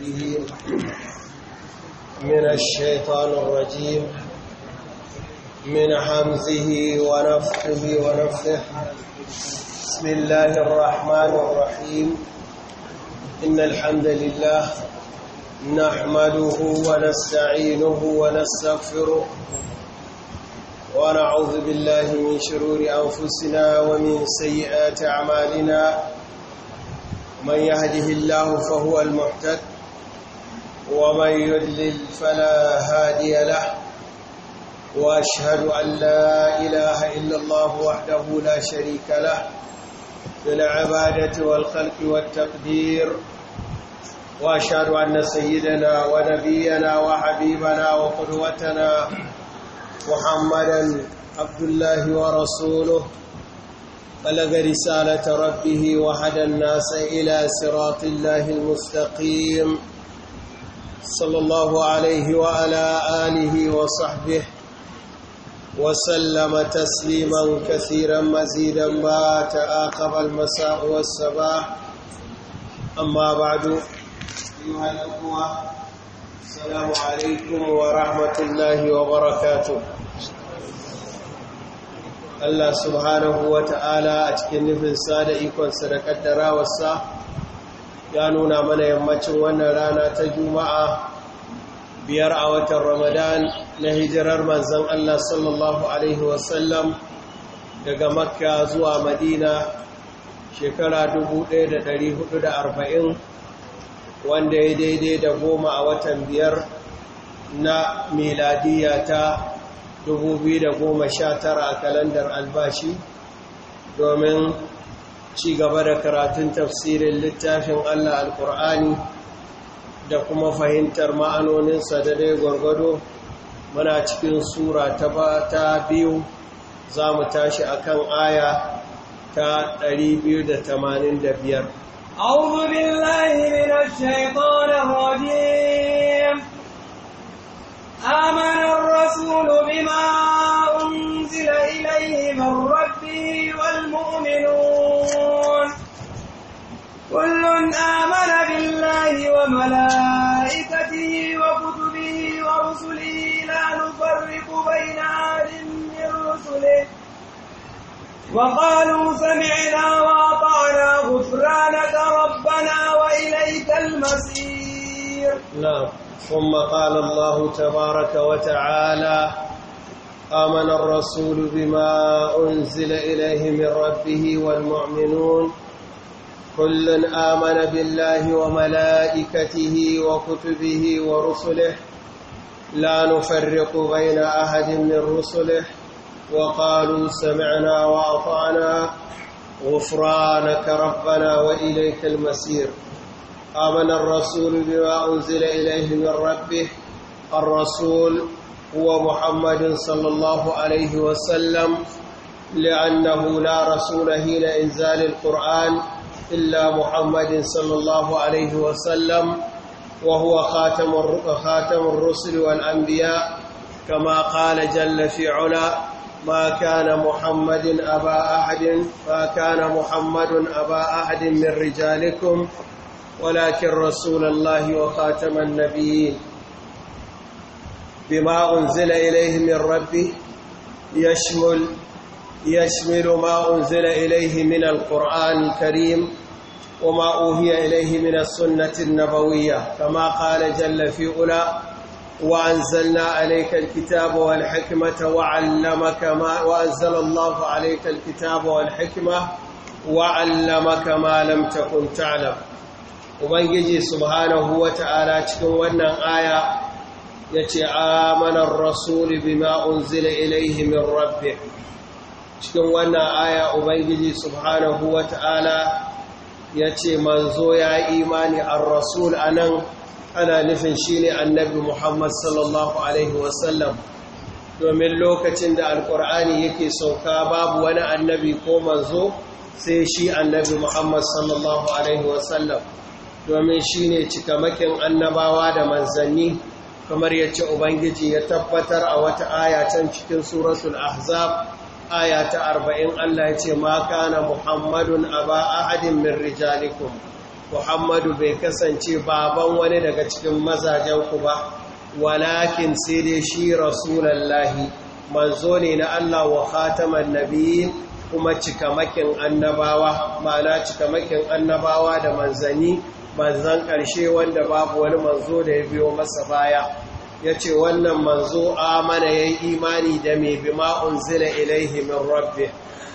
وصحبه من الشيطان الرجيم من حمزه ونفخه ونفخه بسم الله الرحمن الرحيم إن الحمد لله نحمده ونستعينه ونستغفره ونعوذ بالله من شرور أنفسنا ومن سيئات أعمالنا من يهده الله فهو المحتد ومن يدلل فلا هادي له وأشهد أن لا إله إلا الله وحده لا شريك له في العبادة والخلق والتقدير وأشهد أن سيدنا ونبينا وحبيبنا وقدوتنا محمدا عبد الله ورسوله بلغ رسالة ربه وهدى الناس إلى صراط الله المستقيم صلى الله عليه وعلى آله وصحبه وسلم تسليما كثيرا مزيدا ما تعاقب المساء والصباح أما بعد أيها الأخوة السلام عليكم ورحمة الله وبركاته Allah subhanahu wa ta'ala a cikin nufinsa da ikonsa da ƙaddarawarsa ya nuna mana yammacin wannan rana ta juma'a biyar a watan ramadan na hijirar manzan allah sallallahu alaihi wasallam daga makka zuwa madina shekara 1440 wanda ya daidai da goma a watan biyar na miladiya ta 2019 a kalandar albashi domin ci gaba da karatun tafsirin littafin Allah al-Qur'ani da kuma fahimtar ma'anoninsa da dai gwargwado muna cikin sura ta ta biyu za mu tashi akan aya ta 285 أعوذ بالله من الشيطان الرجيم آمن الرسول بما أنزل إليه من ربي والمؤمنون كل آمن بالله وملائكته وكتبه ورسله لا نفرق بين أحد من رسله وقالوا سمعنا وأطعنا غفرانك ربنا وإليك المصير نعم ثم قال الله تبارك وتعالى آمن الرسول بما أنزل إليه من ربه والمؤمنون كل آمن بالله وملائكته وكتبه ورسله لا نفرق بين أحد من رسله وقالوا سمعنا وأطعنا غفرانك ربنا وإليك المسير آمن الرسول بما أنزل إليه من ربه الرسول هو محمد صلى الله عليه وسلم لأنه لا رسول حين إنزال القرآن إلا محمد صلى الله عليه وسلم وهو خاتم خاتم الرسل والأنبياء كما قال جل في علا ما كان محمد أبا أحد ما كان محمد أبا أحد من رجالكم ولكن رسول الله وخاتم النبيين بما أنزل إليه من ربه يشمل يشمل ما أنزل إليه من القرآن الكريم وما أوهي إليه من السنة النبوية كما قال جل في أولى وأنزلنا عليك الكتاب والحكمة وعلمك ما وأنزل الله عليك الكتاب والحكمة وعلمك ما لم تكن تعلم Ubangiji subhanahu wa ta'ala cikin wannan aya ya ce, Amanar Rasulu bima unzila ilaihi min rabbi. cikin wannan aya ubangiji subhanahu wata'ala ya ce manzo ya yi imani an rasul a nan ana nufin shi ne annabi muhammad sallallahu alaihi wasallam domin lokacin da alkur'ani yake sauka babu wani annabi ko manzo sai shi annabi muhammad sallallahu alaihi wasallam domin shi ne cikamakin annabawa da manzanni kamar yace ubangiji ya tabbatar a wata aya can cikin suratul ahzab aya ta arba'in Allah ya ce ma kana muhammadun aba ahadin min rijalikum muhammadu bai kasance baban wani daga cikin mazajen ku ba walakin sai dai shi rasulallahi manzo ne na Allah wa khataman nabiyyin kuma cikamakin annabawa mana cikamakin annabawa da manzani manzan karshe wanda babu wani manzo da ya biyo masa baya ya ce wannan manzo amana ya yi imani da mai ma'un unzila ilaihi min rabbi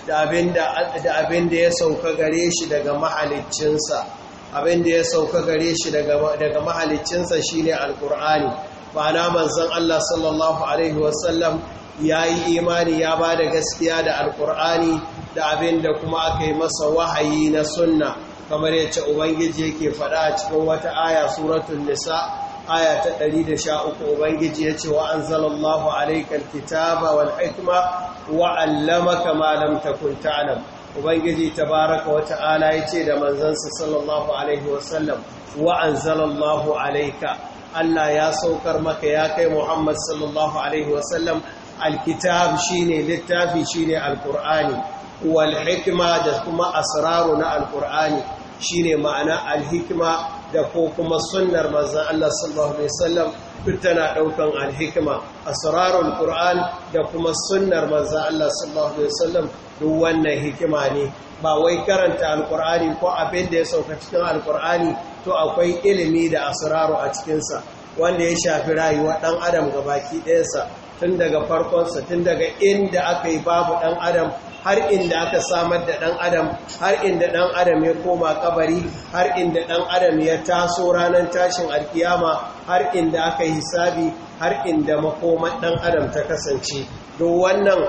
da abin da ya sauka gare shi daga mahalicinsa abin da ya sauka gare shi daga mahalicinsa shi ne alkur'ani na manzan Allah sallallahu Alaihi wasallam ya yi imani ya ba da gaskiya da alkur'ani da abin da kuma aka yi masa wahayi na sunna kamar yace ubangiji yake faɗa a cikin wata aya suratun nisa aya ta 113 ubangiji ya ce wa anzalallahu alaykal kitaba wal hikma wa allamaka ma lam takun ta'lam ubangiji tabaraka wa ta'ala yace da manzansa sallallahu alaihi wasallam wa anzalallahu alayka Allah ya saukar maka ya kai Muhammad sallallahu alaihi wasallam alkitab shine littafi shine alqur'ani wal hikma da kuma asraru na alqur'ani shine ma'ana alhikma da ko kuma sunnar manzan Allah sallallahu Alaihi wasallam duk tana ɗaukan alhikima asrarul Qur'an da kuma sunnar manzan Allah sallallahu Alaihi wasallam duk wannan hikima ne ba wai karanta alkur'ani ko abin da ya sauka cikin alkur'ani to akwai ilimi da asraru a cikinsa wanda ya shafi rayuwa ɗan adam ga baki ɗayansa tun daga farkonsa tun daga inda aka yi babu ɗan adam har inda aka samar da ɗan adam har inda ɗan adam ya koma kabari har inda ɗan adam ya taso ranar tashin alkiyama har inda aka hisabi har inda makomar ɗan adam ta kasance don wannan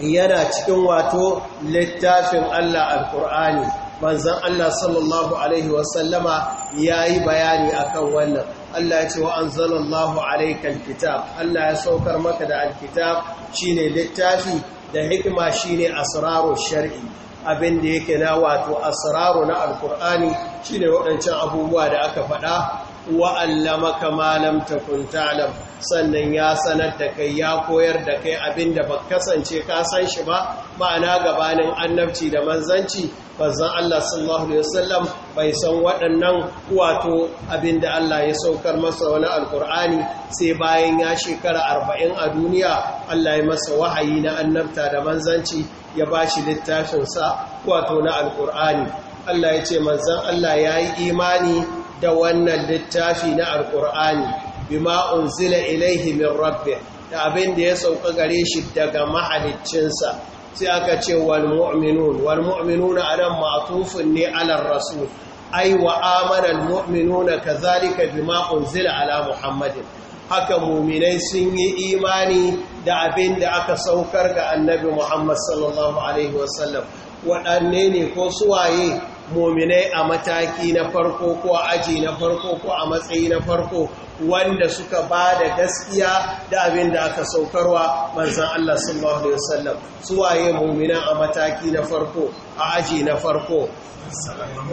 yana cikin wato littafin Allah alkur'ani manzan Allah sallallahu Alaihi wasallama ya yi bayani akan wannan Allah ya ce wa anzalallahu alaika kitab Allah ya saukar maka da alkitab shine littafi da hikima shine asraru shar'i abin da yake na wato asararo na Alkur'ani shine waɗancan abubuwa da aka faɗa kama malam ta kuntalam sannan ya sanar da kai ya koyar da kai abin da ba kasance ka san shi ba ma'ana gabanin annabci da manzanci bazan Allah sallallahu Alaihi wasallam bai san waɗannan wato abin da Allah ya saukar masa wani alkur'ani sai bayan ya shekara arba'in a duniya Allah ya masa wahayi na annabta da manzanci ya ba shi littafinsa wato na alkur'ani Allah ya ce manzan Allah ya yi imani da wannan littafi na alkur'ani bima unzila ilaihi min rabbih da abin da ya sauka gare shi daga mahaliccinsa sai aka ce wal mu'minun wal mu'minuna anan ma'tufun ne ala rasul ai wa amana al mu'minuna kazalika bima unzila ala muhammadin haka muminai sun yi imani da abin da aka saukar ga annabi muhammad sallallahu alaihi wasallam waɗanne ne ko suwaye Mominai a mataki na farko ko a aji na farko ko a matsayi na farko wanda suka ba da gaskiya da abin da aka saukarwa manzan Allah sallallahu Alaihi wasallam waye muminan a mataki na farko a aji na farko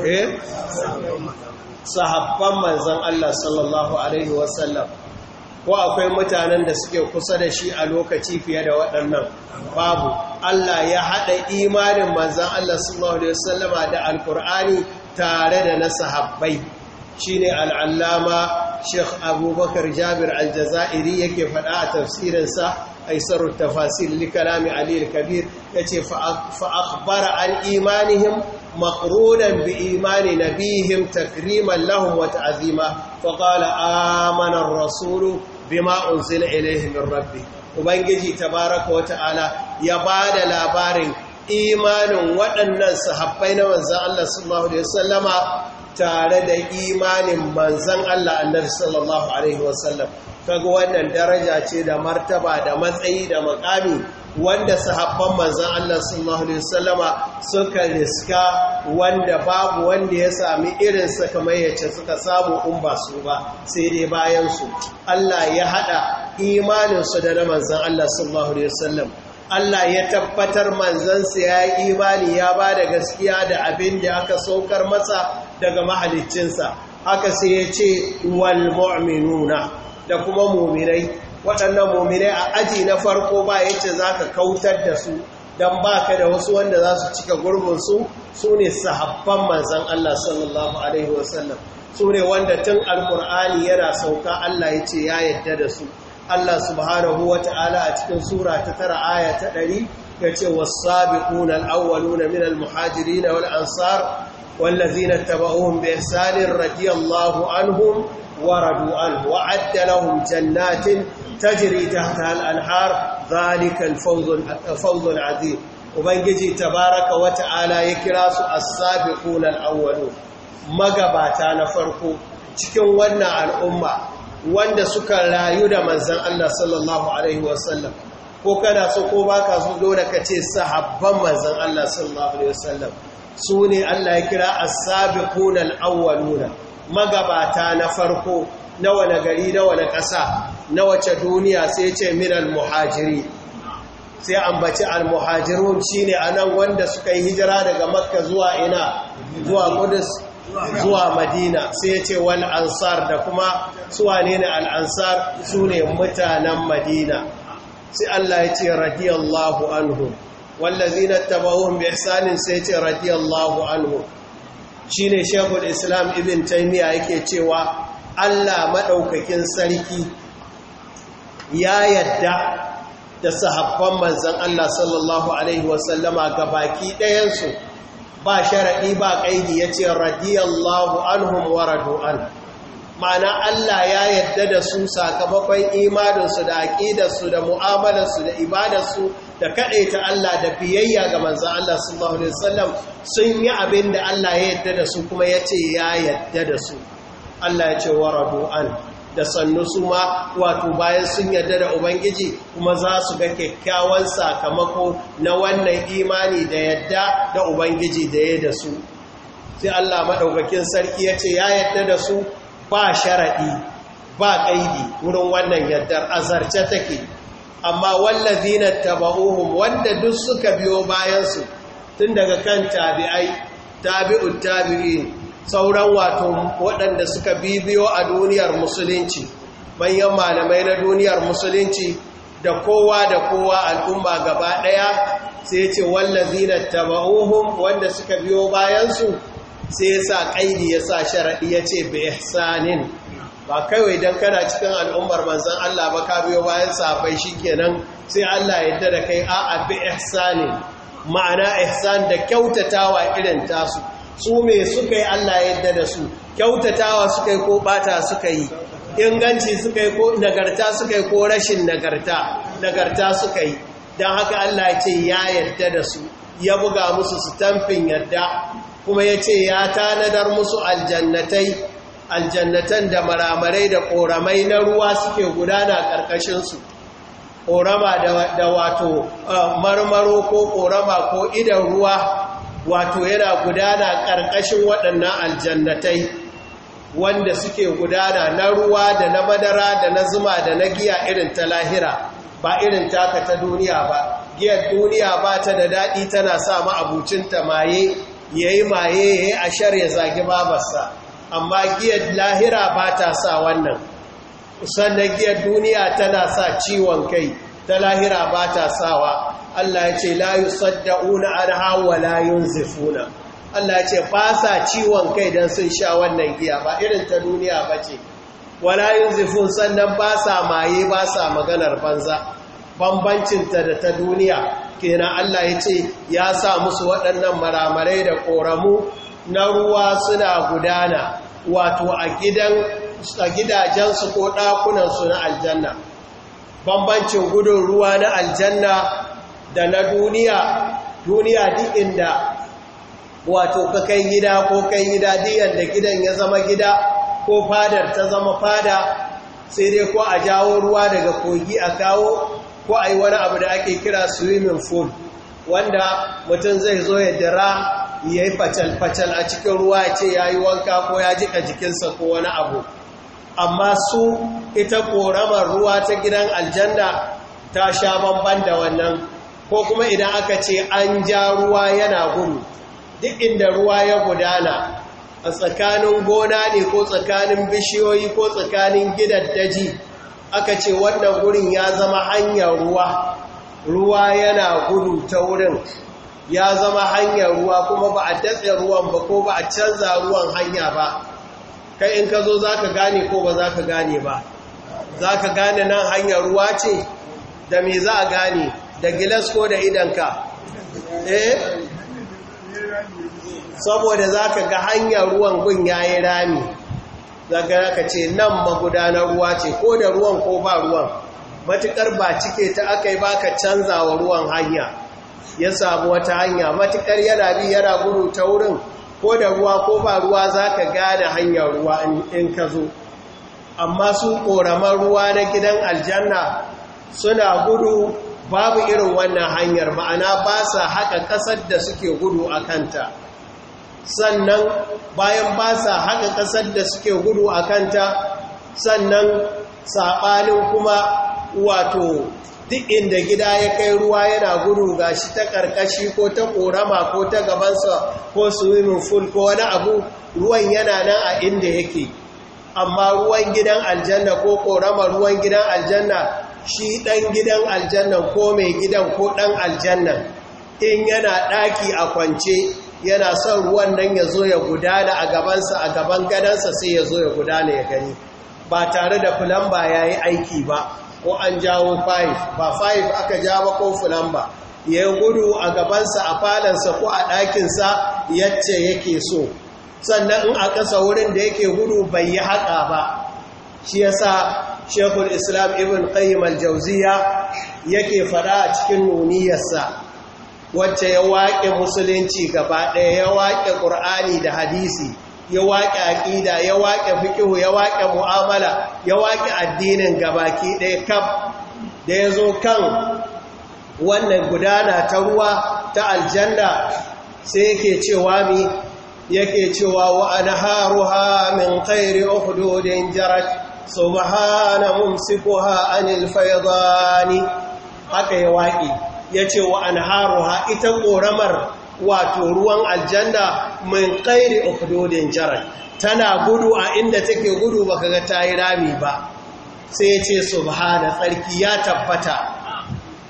eh? sahabban manzan Allah sallallahu Alaihi wasallam ko akwai mutanen da suke kusa da shi a lokaci fiye da waɗannan babu Allah ya haɗa imanin manzan Allah sallallahu Alaihi wasallama da alkur'ani tare da na sahabbai shi ne al'allama sheikh abubakar jabir aljazairi yake faɗa a tafsirinsa aisar tafasir likalami Aliyu kabir ya ce fa'akbara an imanihim مقرونا بإيمان نبيهم تكريما wata azima. فقال amanar الرسول bima unzila ilayhi min rabbi ubangiji wa ta'ala, ya bada labarin imanin waɗannan sahabbai na manzon Allah sallallahu alaihi wasallama tare da imanin manzon Allah annabi sallallahu alaihi wasallam kaga wannan daraja ce da martaba da matsayi da makami wanda sahabban manzan Allah sallallahu Alaihi wasallama suka riska wanda babu wanda ya sami irinsa kamar yace suka samu in ba su ba sai dai bayansu Allah ya haɗa imaninsu da na manzan Allah sallallahu Alaihi wasallam Allah ya tabbatar manzansa ya yi imani ya ba da gaskiya da abin da aka saukar masa daga mahaliccinsa haka sai ya ce wal mu'minuna da kuma muminai waɗannan mummune a aji na farko ba ce za ka kautar da su don ba ka da wasu wanda za su cika gurbinsu su ne sahabban manzan Allah sallallahu Alaihi wasallam su ne wanda tun alkur'ani yana sauka Allah ya ce ya yadda da su Allah subhanahu wa ta'ala a cikin sura ta tara aya ta ɗari ya ce wasabiqun al'awwaluna min al-muhajirin wal ansar wallazina tabauhum bi ihsanin radiyallahu anhum wa radu an. wa adda lahum jannatin تجري تحت الانهار ذلك الفوز الفوز العظيم وبنجي تبارك ubangiji tabaraka السابقون الاولون ya kira su magabata na farko cikin wannan al'umma wanda suka rayu da manzan Allah sallallahu alaihi wasallam ko kana so ko baka so dole ka ce sahabban manzan Allah sallallahu alaihi wasallam su ne Allah ya kira as sabiqunal awwaluna magabata na farko na wani gari na wani ƙasa na wace duniya sai ce min al-muhajiri sai ambaci al-muhajirun shine anan wanda suka yi hijira daga makka zuwa ina zuwa kudus zuwa madina sai ce wal ansar da kuma suwa ne al ansar su ne mutanen madina sai Allah ya ce radiyallahu anhu wallazina tabawuhum bi ihsanin sai ce radiyallahu anhu shine shaykhul islam ibn taymiya yake cewa Allah madaukakin sarki ya yadda da sahabban manzan Allah sallallahu Alaihi wasallama ga baki ɗayensu ba sharaɗi ba ƙaidi ya ce radiyallahu anhum wa radu'an ma'ana Allah ya yadda da su sakamakon imaninsu da aƙidarsu da mu'amalarsu da ibadarsu da kaɗaita Allah da biyayya ga manzan Allah sallallahu Alaihi wasallam sun yi abin da Allah ya yadda da su kuma ya ce ya yadda da su Allah ya ce wa radu'an da sannu su ma wato bayan sun yarda da ubangiji kuma za su ga kyakkyawan sakamako na wannan imani da yadda da ubangiji da ya da su sai Allah maɗaukakin sarki ya ce ya yarda da su ba sharaɗi ba ƙaidi wurin wannan yardar azarce take amma wallazina taba'uhum wanda duk suka biyo bayansu tun daga kan tabi'ai tabi'ut tabi'in sauran wato waɗanda suka bibiyo a duniyar musulunci manyan malamai na duniyar musulunci da kowa da kowa al'umma gaba ɗaya sai ce wallazina taba'uhum wanda suka biyo bayansu sai ya sa ƙaidi ya sa sharaɗi ya ce bi ihsanin ba kawai don kana cikin al'ummar manzan Allah ba ka biyo bayan safai shi kenan sai Allah ya da kai a bi ihsanin ma'ana ihsan da kyautatawa irin tasu su me suka yi Allah yadda da su kyautatawa suka yi ko bata suka yi inganci suka yi ko nagarta suka yi ko rashin nagarta nagarta suka yi don haka Allah ce ya yarda da su ya buga musu su tamfin yarda kuma ya ce ya tanadar musu aljannatai aljannatan da maramarai da ƙoramai na ruwa suke gudana ƙarƙashinsu ƙorama da wato eh, marmaro ko ƙorama ko idan ruwa wato yana gudana ƙarƙashin waɗannan aljannatai wanda suke gudana na ruwa da na madara da na zuma da na giya irin ta lahira ba irin taka ta duniya ba giyar duniya ba ta da daɗi tana sa ma'abucinta maye ya yi maye ya yi ashar ya zagi babarsa amma giyar lahira ba ta sa wannan sannan giyar duniya tana sa ciwon kai ta lahira ba ta sawa Allah ya ce la yusaddauna anha wa la yunzifuna Allah ya ce ba sa ciwon kai dan sun sha wannan giya ba irin ta duniya bace wala yunzifun sannan ba sa maye ba sa maganar banza bambancin ta da ta duniya kenan Allah ya ce ya sa musu waɗannan maramare da koramu na ruwa suna gudana wato a gidan a gidajensu ko ɗakunansu na aljanna bambancin gudun ruwa na aljanna da na duniya duniya duk inda wato ka kai gida ko kai gida diyan da gidan ya zama gida ko fadar ta zama fada sai dai ko a jawo ruwa daga kogi a kawo ko a yi wani abu da ake kira swimming pool wanda mutum zai zo ya dira ya yi facal-facal a cikin ruwa ya ce ya yi wanka ko ya jika jikinsa ko wani abu amma su ita ƙoramar ruwa ta gidan aljanda ta sha bamban da wannan ko kuma idan aka ce an ja ruwa yana gudu duk inda ruwa ya gudana a tsakanin gona ne ko tsakanin bishiyoyi ko tsakanin daji aka ce wannan gurin ya zama hanyar ruwa ruwa yana gudu ta wurin ya zama hanyar ruwa kuma ba a datse ruwan ba ko ba a canza ruwan hanya ba kai in ka zo za ka gane ko ba za ka gane ba za ka gane nan hanyar ruwa ce da me za a gane da gilas ko da idanka eh saboda za ka ga hanyar ruwan gun ya yi rami za ka ce nan magudanar ruwa ce ko da ruwan ko ba ruwan matuƙar ba cike ta aka yi ba canza wa ruwan hanya ya samu wata hanya matuƙar yana bi yana gudu ta wurin ko da ruwa ko ba ruwa za ka gane hanyar ruwa in ka zo amma su ƙoramar ruwa na gidan aljanna suna gudu babu irin wannan hanyar ma'ana ba sa haka ƙasar da suke gudu a kanta sannan bayan ba sa haka ƙasar da suke gudu a kanta sannan saɓanin kuma wato duk inda gida ya kai ruwa yana gudu ga shi ta ƙarƙashi ko ta ƙorama ko ta gabansa ko swimming pool ko wani abu ruwan yana nan a inda yake amma ruwan gidan aljanna ko ƙorama ruwan gidan aljanna shi ɗan gidan aljannan ko mai gidan ko ɗan aljannan in yana ɗaki a kwance yana son ruwan nan ya zo ya gudana a gabansa a gaban gadansa sai ya zo ya gudana ya gani ba tare da fulamba ya yi aiki ba ko an jawo 5 ba 5 aka ja ba ko fulamba ya yi gudu a gabansa a falansa ko a ɗakinsa yacce yake so sannan in a ƙasa wurin da yake gudu bai yi haƙa ba shi yasa shekul islam ibn qayyim al jawziya yake faɗa a cikin nuniyarsa wacce ya waƙe musulunci gaba ɗaya ya waƙe ƙur'ani da hadisi ya waƙe aƙida ya waƙe fiƙihu ya waƙe mu'amala ya waƙe addinin gabaki ɗaya kaf da ya zo kan wannan gudana ta ruwa ta aljanna sai yake cewa mi yake cewa wa anharuha min khairi uhdudin jarat subhana mumsikuha anil faydani haka ya waki yace wa anharuha ita ƙoramar wato ruwan aljanna min qairi ukhududin jaral tana gudu a inda take gudu baka ga tayi rami ba sai yace subhana tsarki ya tabbata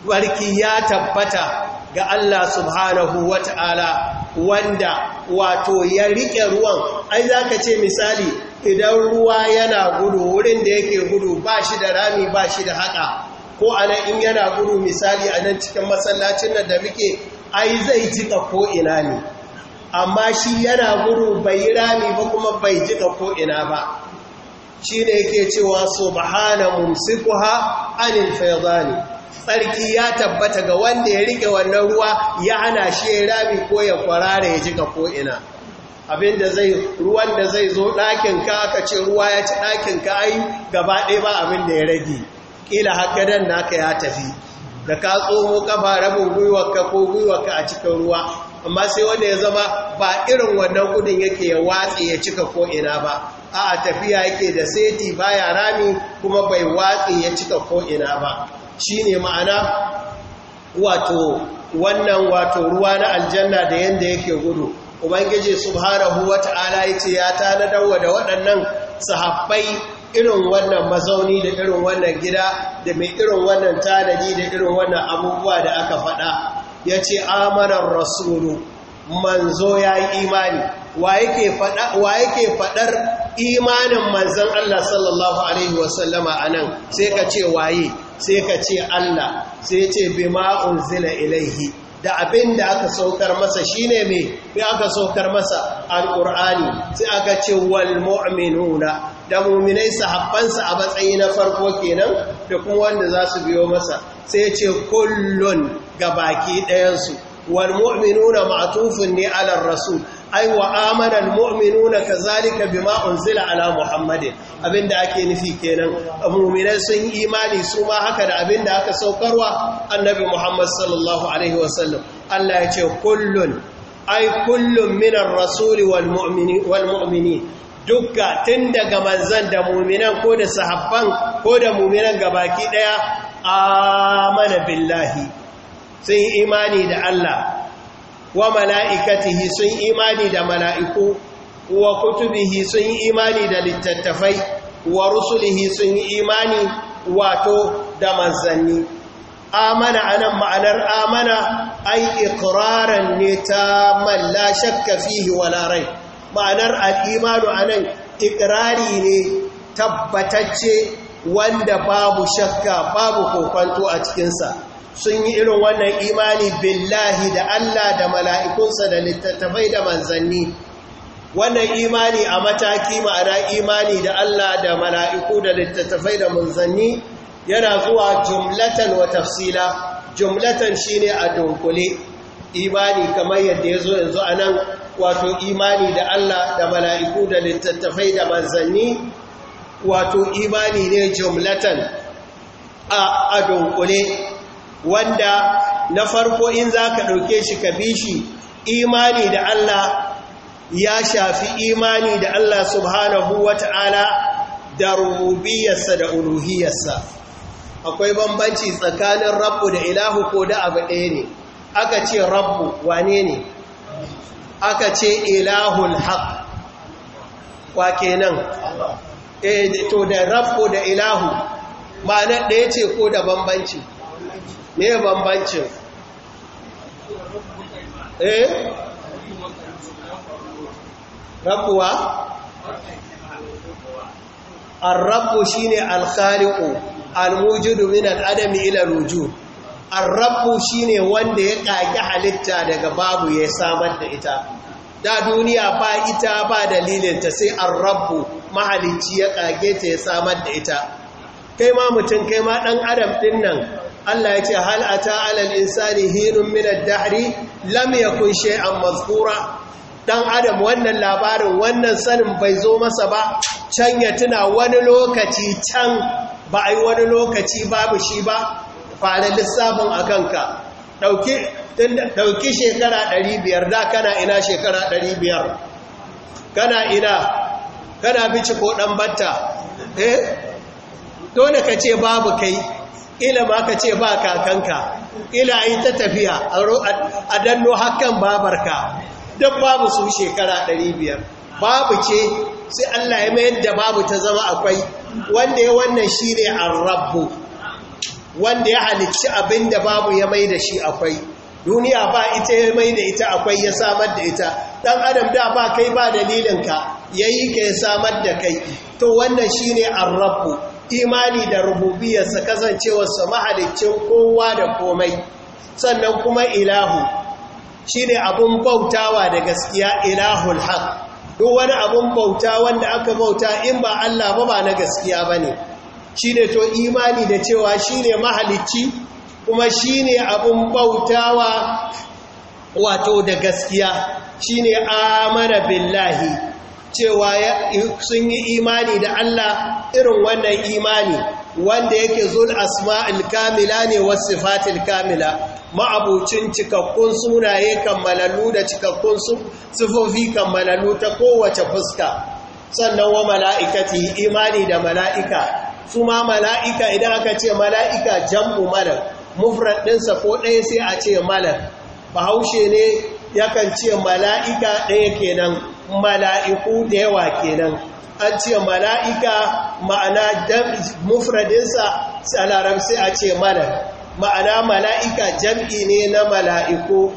barki ya tabbata ga Allah subhanahu wata'ala wanda wato ya rike ruwan ai zaka ce misali idan ruwa yana gudu wurin da yake gudu ba shi da rami ba shi da haka ko anan in yana gudu misali a nan cikin masallacin da muke ai zai jika ko ina ne amma shi yana gudu bai yi rami ba kuma bai jika ko ina ba shi ne yake cewa ba subhana mumsikuha anil ne tsarki ya tabbata ga wanda ya rike wannan ruwa ya hana shi rami ko ya kwarara ya jika ko ina abin da zai ruwan da zai zo ɗakinka aka ce ruwa ya ci ɗakinka ai gaba ɗaya ba abin da ya rage ƙila haggadan naka ya tafi da ka tsoho kafa rabin gwiwarka ko gwiwarka a cikin ruwa amma sai wanda ya zama ba irin wannan gudun yake ya watsi ya cika ko'ina ba a tafiya yake da seti baya rami kuma bai watsi ya cika ko'ina ba shi ne ma'ana wato wannan wato ruwa na aljanna da yadda yake gudu ubangiji subhanahu wata'ala yace ya tanadawa da waɗannan sahabbai irin wannan mazauni da irin wannan gida da mai irin wannan tanadi da irin wannan abubuwa da aka faɗa yace amanar rasulu manzo yayi imani wa yake faɗa wa faɗar imanin manzon Allah sallallahu alaihi wasallama anan sai ka ce waye sai ka ce Allah sai ce bima unzila ilaihi da abin da aka saukar masa shine me me aka saukar masa al’ur'ani sai aka ce wal mu'minuna da mu'minai sahabbansa a matsayi na farko kenan da kuma wanda za su biyo masa sai ce kullun ga baki ɗayansu wal mu'minuna ma'atufin ne alar rasul ai wa amanan mu'minuna kazalika bima unzila ala muhammadin abinda ake nufi kenan mu'minai sun imani su ma haka da abinda aka saukarwa annabi muhammad sallallahu alaihi wasallam Allah ya ce kullun ai kullun minar rasuli wal mu'mini wal mu'mini dukka tun daga manzan da mu'minan ko da sahabban ko da mu'minan gabaki daya amana billahi sun imani da Allah wa mala'ikatihi sun yi imani da mala'iku wa kutubihi sun yi imani da littattafai wa rusulihi sun yi imani wato da manzanni amana anan ma'anar amana ai ikirarar ne ta malla shakka fihi wala rai ma'anar al'imanu anan ikirari ne tabbatacce wanda babu shakka babu kokonto a cikinsa sun yi irin wannan imani billahi da Allah da mala'ikunsa da littattafai da manzanni wannan imani a mataki ma'ana imani da Allah da mala'iku da littattafai da manzanni yana zuwa jumlatan wa tafsila jumlatan shine a dunkule imani kamar yadda ya zo yanzu a nan wato imani da Allah da mala'iku da littattafai da manzanni wato imani ne jumlatan a dunkule wanda na farko in za ka ɗauke shi ka bi shi imani da Allah ya shafi imani da Allah subhanahu wa ta'ala da rububiyarsa da uluhiyarsa akwai bambanci tsakanin rabbu da ilahu ko da abu ɗaya ne aka ce rabbu wane ne aka ce ilahun haq wa kenan e eh, to da rabbu da ilahu ma'anar ɗaya ce ko da bambanci me ya bambancin eh rabuwa arrabu shine alkhaliqu almujudu min al'adami ila rujud arrabu ne wanda ya kage halitta daga babu ya samar da ita da duniya ba ita ba dalilin ta sai arrabu mahalicci ya kage ta ya samar da ita kai ma mutum kai ma ɗan adam ɗinnan. nan Allah ya ce hal ata alal insani hinun min ad-dahri lam yakun shay'an mazkura dan adam wannan labarin wannan sanin bai zo masa ba can ya tuna wani lokaci can ba ai wani lokaci babu shi ba fara lissafin akan ka dauki dauki shekara 500 da kana ina shekara 500 kana ina kana bici ko dan batta eh dole ka ce babu kai ila ma ka ce ba kakanka ƙila yi ta tafiya a danno hakan babarka don babu su shekara 500 babu ce sai Allah ya mayar da babu ta zama akwai wanda ya wannan shi ne rabu wanda ya halicci abin da babu ya mai da shi akwai duniya ba ita ya mai da ita akwai ya samar da ita ɗan adam da ba kai ba dalilinka ya yi ka ya samar da kai to wannan shi ne rabu imani da rububiyarsa kasancewarsa mahalicin kowa da komai sannan kuma ilahu shi ne abin bautawa da gaskiya ilahul haq duk wani abin bauta wanda aka bauta in ba Allah ba ba na gaskiya ba ne shi ne to imani da cewa shi ne mahalicci kuma shi ne abin bautawa wato da gaskiya shi ne amana billahi cewa sun yi imani da Allah irin wannan imani wanda yake zul asma'il kamila ne wasu fatil kamila ma'abucin cikakkun sunaye kammalallu da cikakkun sufofi kammalallu ta kowace fuska sannan wa mala'ikati imani da mala'ika su ma mala'ika idan aka ce mala'ika jam'u malar mufrad ko ɗaya sai a ce malar bahaushe ne yakan ce mala'ika ɗaya kenan mala'iku da yawa kenan an ce mala'ika ma'ana mufradinsa a larabci a ce mana ma'ana mala'ika jam'i ne na mala'iku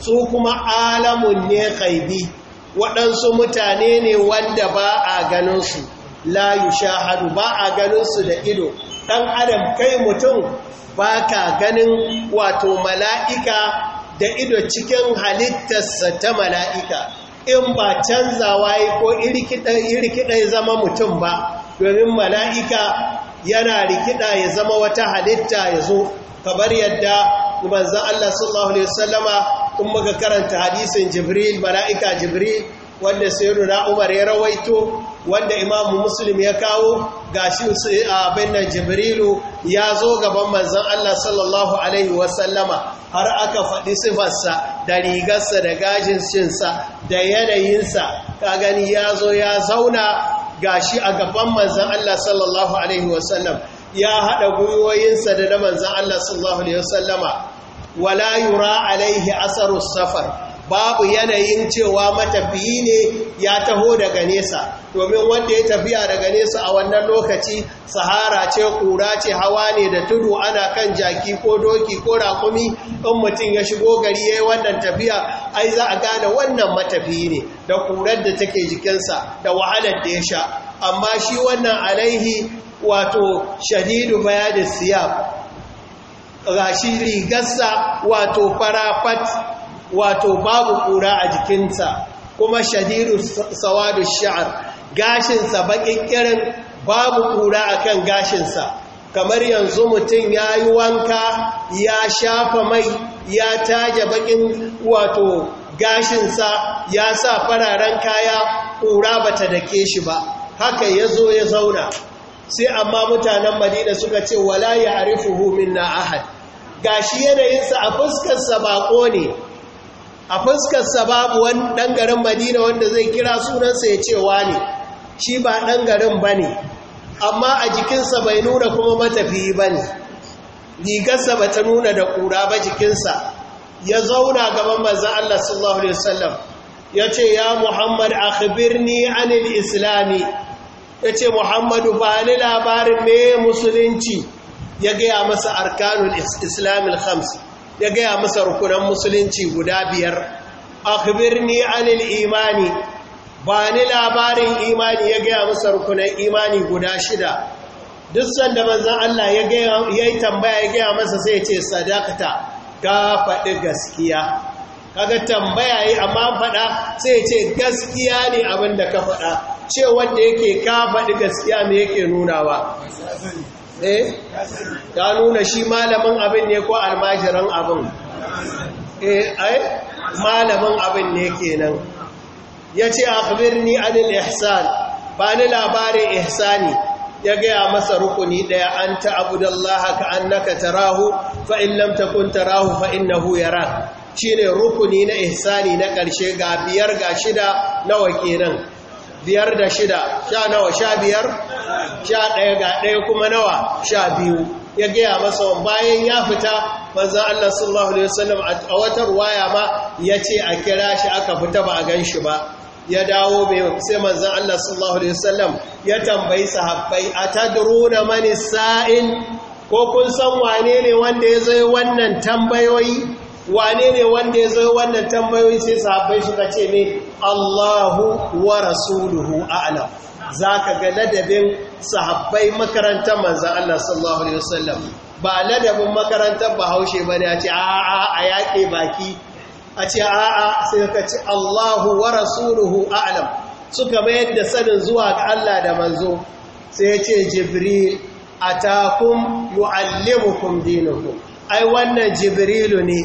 su kuma alamun ne kaibi waɗansu mutane ne wanda ba a ganinsu layu shahadu ba a ganinsu da ido ɗan adam kai mutum ba ka ganin wato mala'ika da ido cikin halittarsa ta mala'ika in ba canzawa yi ko irikida ya zama mutum ba domin mala'ika yana rikida ya zama wata halitta ya zo kamar yadda manzan Allah sallallahu Alaihi wasallama in muka karanta hadisin jibril mala'ika jibril wanda sayiru na umar ya rawaito wanda imamu muslim ya kawo ga gashi abin nan jibrilu ya zo gaban manzan Allah sallallahu Alaihi wasallama har aka faɗi sifarsa da rigarsa da gashin sinsa da yanayinsa ka gani ya zo ya zauna gashi a gaban manzan Allah sallallahu alaihi wasallam ya haɗa gwiwoyinsa da na manzan Allah sallallahu alaihi wasallama wala yura alaihi asarus safar babu yanayin cewa matafiyi ne ya taho daga nesa domin wanda ya tafiya daga nesa a wannan lokaci sahara ce kura ce hawa ne da tudu ana kan jaki ko doki ko rakumi in mutum ya shigo gari ya yi wannan tafiya ai za a gane wannan matafiyi ne da kurar da take jikinsa da wahalar da ya sha amma shi wannan alaihi wato shahidu bayanin siyab ga shi rigarsa wato farafat wato babu kura a jikinsa kuma shadiru sawadu sha'ar gashinsa baƙin babu kura a kan gashinsa kamar yanzu mutum ya yi wanka ya shafa mai ya taje baƙin wato gashinsa ya sa fararen kaya kura ba ta dake shi ba haka ya zo ya zauna sai amma mutanen madina suka ce wala ya arifuhu na ahad gashi yanayinsa a fuskarsa baƙo ne a fuskarsa babu wani ɗan garin madina wanda zai kira sunansa ya ce ne shi ba ɗangaren ba ne amma a jikinsa bai nuna kuma matafi ba ne rigarsa ba ta nuna da ƙura ba jikinsa ya zauna gaban maza Allah sallallahu Alaihi wasallam ya ce ya Muhammad akhbirni anil islami ya ce Muhammadu ba ni labarin me musulunci ya gaya masa arkanun islamil khamsi ya gaya masa rukunan musulunci guda biyar akhbirni anil imani Bani labarin imani ya gaya masa rukunan imani guda shida duk sanda manzon Allah ya yi tambaya ya gaya masa sai ya ce sadakta ka faɗi gaskiya kaga tambaya yi amma faɗa sai ce gaskiya ne abinda ka faɗa ce wanda yake ka faɗi gaskiya me yake nunawa eh ta nuna shi malamin abin ne ko almajiran abin eh ai malamin abin ne kenan yace akhbirni anil ihsan bani ni labarin ihsani ya gaya masa rukuni daya an ta'budallaha ka annaka tarahu fa in lam takun tarahu fa innahu Shi shine rukuni na ihsani na ƙarshe, ga biyar ga shida nawa kenan biyar da shida sha nawa sha biyar sha ɗaya ga ɗaya kuma nawa sha biyu ya gaya masa bayan ya fita manzan Allah sallallahu Alaihi wasallam a watar waya ma ya ce a kira shi aka fita ba a gan shi ba ya dawo sai manzan Allah sallallahu Alaihi wasallam ya tambayi sahabbai a tadruna mani sa'in ko kun san wane ne wanda ya zai wannan tambayoyi wane ne wanda ya zo wannan tambayoyi sai sahabbai suka ce ne Allahu wa rasuluhu a'lam zaka ga ladabin sahabbai makarantar manzon Allah sallallahu alaihi wasallam ba ladabin makarantar bahaushe bane a ce a'a a yake baki a ce a'a sai ka ce Allahu wa rasuluhu a'lam suka mayar da sanin zuwa ga Allah da manzo sai ya ce Jibril atakum yu'allimukum dinakum ai wannan jibrilu ne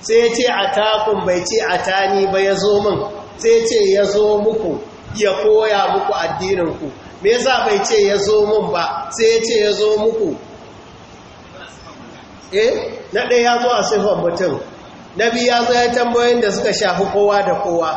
sai ya ce a takun bai ce a tani ba ya zo min sai ce ya zo muku ya koya muku addininku me yasa bai ce ya zo min ba sai ya ce ya zo muku eh na ɗaya ya zo a siffar mutum na biyu ya zo ya tambayoyin da suka shafi kowa da kowa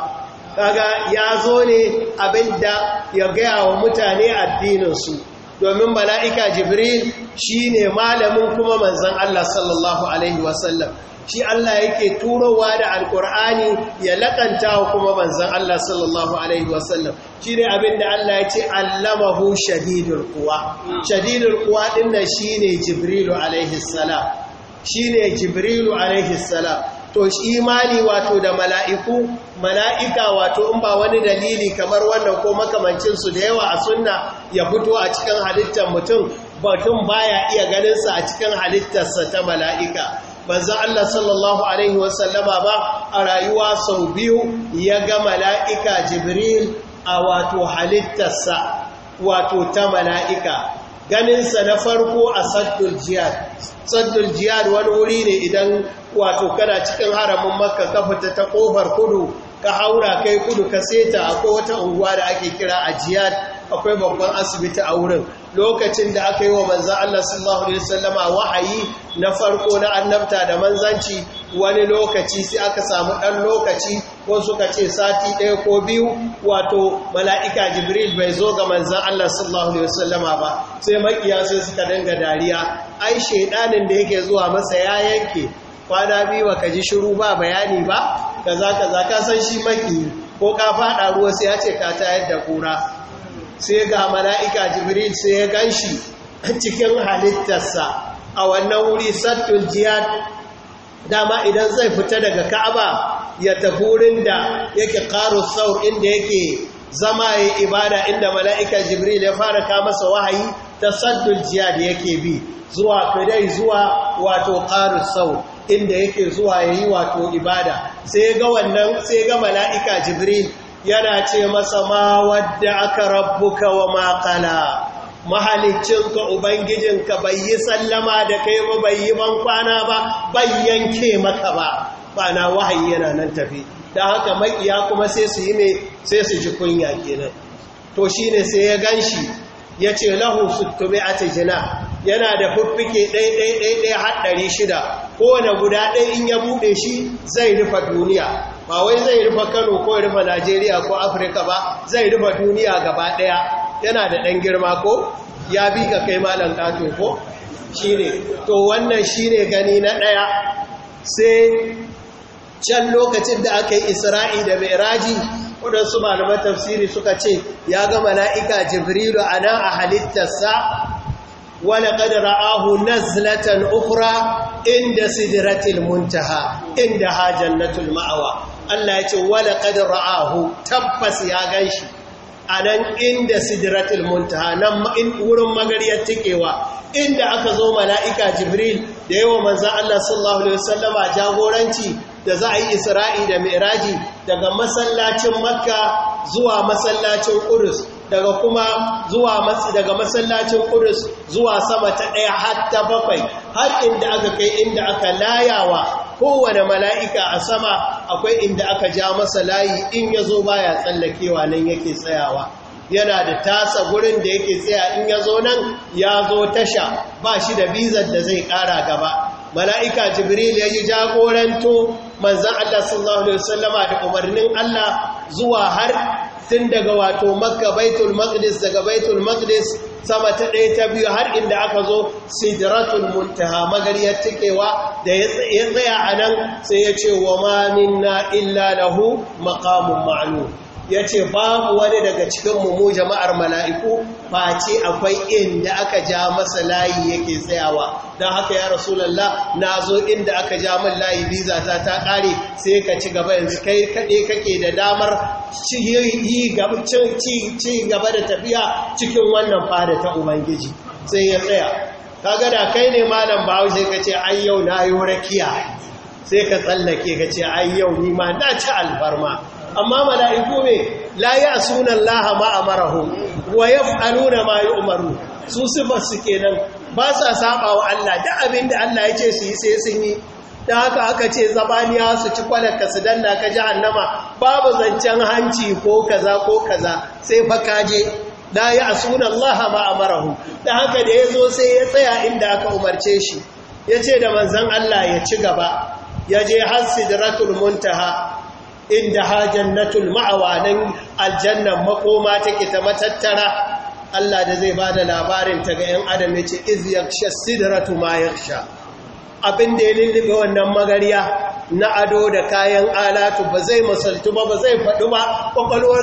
kaga ya zo ne abinda ya gaya wa mutane addininsu domin mala'ika jibril shi ne malamin kuma manzan Allah sallallahu Alaihi wasallam shi Allah yake turowa da alkur'ani ya laƙanta kuma manzan Allah sallallahu Alaihi wasallam shi ne abinda Allah ya ce allamahu shadidul kuwa shadidul kuwa ɗin da shi ne jibrilu alaihi shi ne jibrilu to shi imani wato da mala'iku mala'ika wato in ba wani dalili kamar wannan ko makamancinsu da yawa a sunna ya fito a cikin halittar mutum batun baya iya ganinsa a cikin halittarsa ta mala'ika za Allah sallallahu Alaihi wasallama ba a rayuwa sau biyu ya ga mala'ika jibril a wato halittarsa wato ta mala'ika ganinsa na farko a saddul jihar saddul jihad wani wuri ne idan wato kana cikin haramin makka ka fita ta kofar kudu ka haura kai kudu ka seta akwai wata unguwa da ake kira a jiyar akwai babban asibiti a wurin lokacin da aka yi wa manzan Allah sallallahu alaihi wasallama wahayi na farko na annabta da manzanci wani lokaci sai aka samu ɗan lokaci ko suka ce sati ɗaya ko biyu wato mala'ika jibril bai zo ga manzan Allah sallallahu alaihi wasallama ba sai makiya sai suka dinga dariya ai shaidanin da yake zuwa masa ya yanke kwana biyu baka ka ji shiru ba bayani ba kaza kaza ka san shi maki ko ka faɗa ruwa sai ya ce ka tayar da kura sai ga mala'ika jibril sai ya gan shi cikin halittarsa a wannan wuri sattul jihad dama idan zai fita daga ka'aba ya tafi wurin da yake ƙaru saur inda yake zama ya ibada inda mala'ika jibril ya fara kamasa wahayi ta sattul jihad yake bi zuwa kudai zuwa wato ƙaru saur inda yake zuwa ya yi wato ibada sai ga wannan sai ga mala'ika jibril yana ce masa ma wadda aka rabbuka wa makala mahalicinka ubangijinka bai yi sallama da kai ba bai yi ban kwana ba bai yanke maka ba bana wahayi yana nan tafi da haka makiya kuma sai su yi mai sai su ji kunya kenan to shine sai ya gan shi, ya yace lahu a tijina yana da fuffike ɗaiɗaiɗaiɗai haɗari shida kowane guda ɗai in ya buɗe shi zai rufa duniya ba wai zai rufa kano ko rufa najeriya ko afirka ba zai rufa duniya gaba ɗaya yana da ɗan girma ko ya bi ga kai malam ɗato ko shi ne to wannan shi ne gani na ɗaya sai can lokacin da aka yi isra'i da mai waɗansu malaman tafsiri suka ce ya ga mala'ika jibrilu a nan a halittarsa ولقد رآه نزلة أخرى عند سدرة المنتهى ya جنة المأوى الله يقول ولقد رآه تبس يا غيشي anan inda sidratul muntaha nan wurin magariyar tikewa inda aka zo mala'ika jibril da yawa manza Allah sallallahu alaihi wasallama jagoranci da za a yi isra'i da mi'raji daga masallacin makka zuwa masallacin qudus daga kuma zuwa matsi daga masallacin kudus zuwa sama ta ɗaya hatta bakwai har inda aka kai inda aka layawa kowane mala'ika a sama akwai inda aka ja masa layi in ya zo ba baya tsallakewa nan yake tsayawa yana da tasa gurin da yake tsaya in ya zo nan ya zo tasha ba shi da bizar da zai ƙara gaba mala'ika jibril ya yi jagoranto manzan Allah sallallahu Alaihi wasallama da umarnin Allah zuwa har tun daga wato makka baitul maqdis daga baitul maqdis sama ta ɗaya ta biyu har inda aka zo sidratul muntaha magariyar tikewa da ya tsaya a nan sai ya ce wa ma minna illa lahu maqamun ma'lum ya ce babu wani daga cikin mu jama'ar mala'iku Ba ce, akwai inda aka ja masa layi yake tsayawa don haka ya rasulallah na zo inda aka ja min layi biza ta ta ƙare sai ka ci gaba yanzu kai kaɗe kake da damar ci gaba da tafiya cikin wannan fada ta ubangiji sai ya tsaya ka da kai ne malam bahaushe ka ce an yau na yi rakiya sai ka tsallake ka ce an yau ni ma na ci alfarma amma mala'iku ne la a sunan laha ma'amarahu wa ya fa'aluna ma yi umaru su siffa su nan. ba sa saba wa Allah da abin da Allah ya ce su yi sai sun yi da haka aka ce zabaniya su ci kwanaka su danna ka ji hannama babu zancen hanci ko kaza ko kaza sai fa kaje la a sunan laha ma'amarahu da haka da ya zo sai ya tsaya inda aka umarce shi ya ce da manzan Allah ya ci gaba ya je har sidratul muntaha inda hajjannatul ma'awa nan aljannan makoma take ta matattara Allah da zai ba da labarin ta ga ‘yan adam ya ce, “Iz yaksha sidratu ma yaksha”, abin da ya lullube wannan magariya na ado da kayan alatu ba zai masaltu ba, ba zai faɗu ba,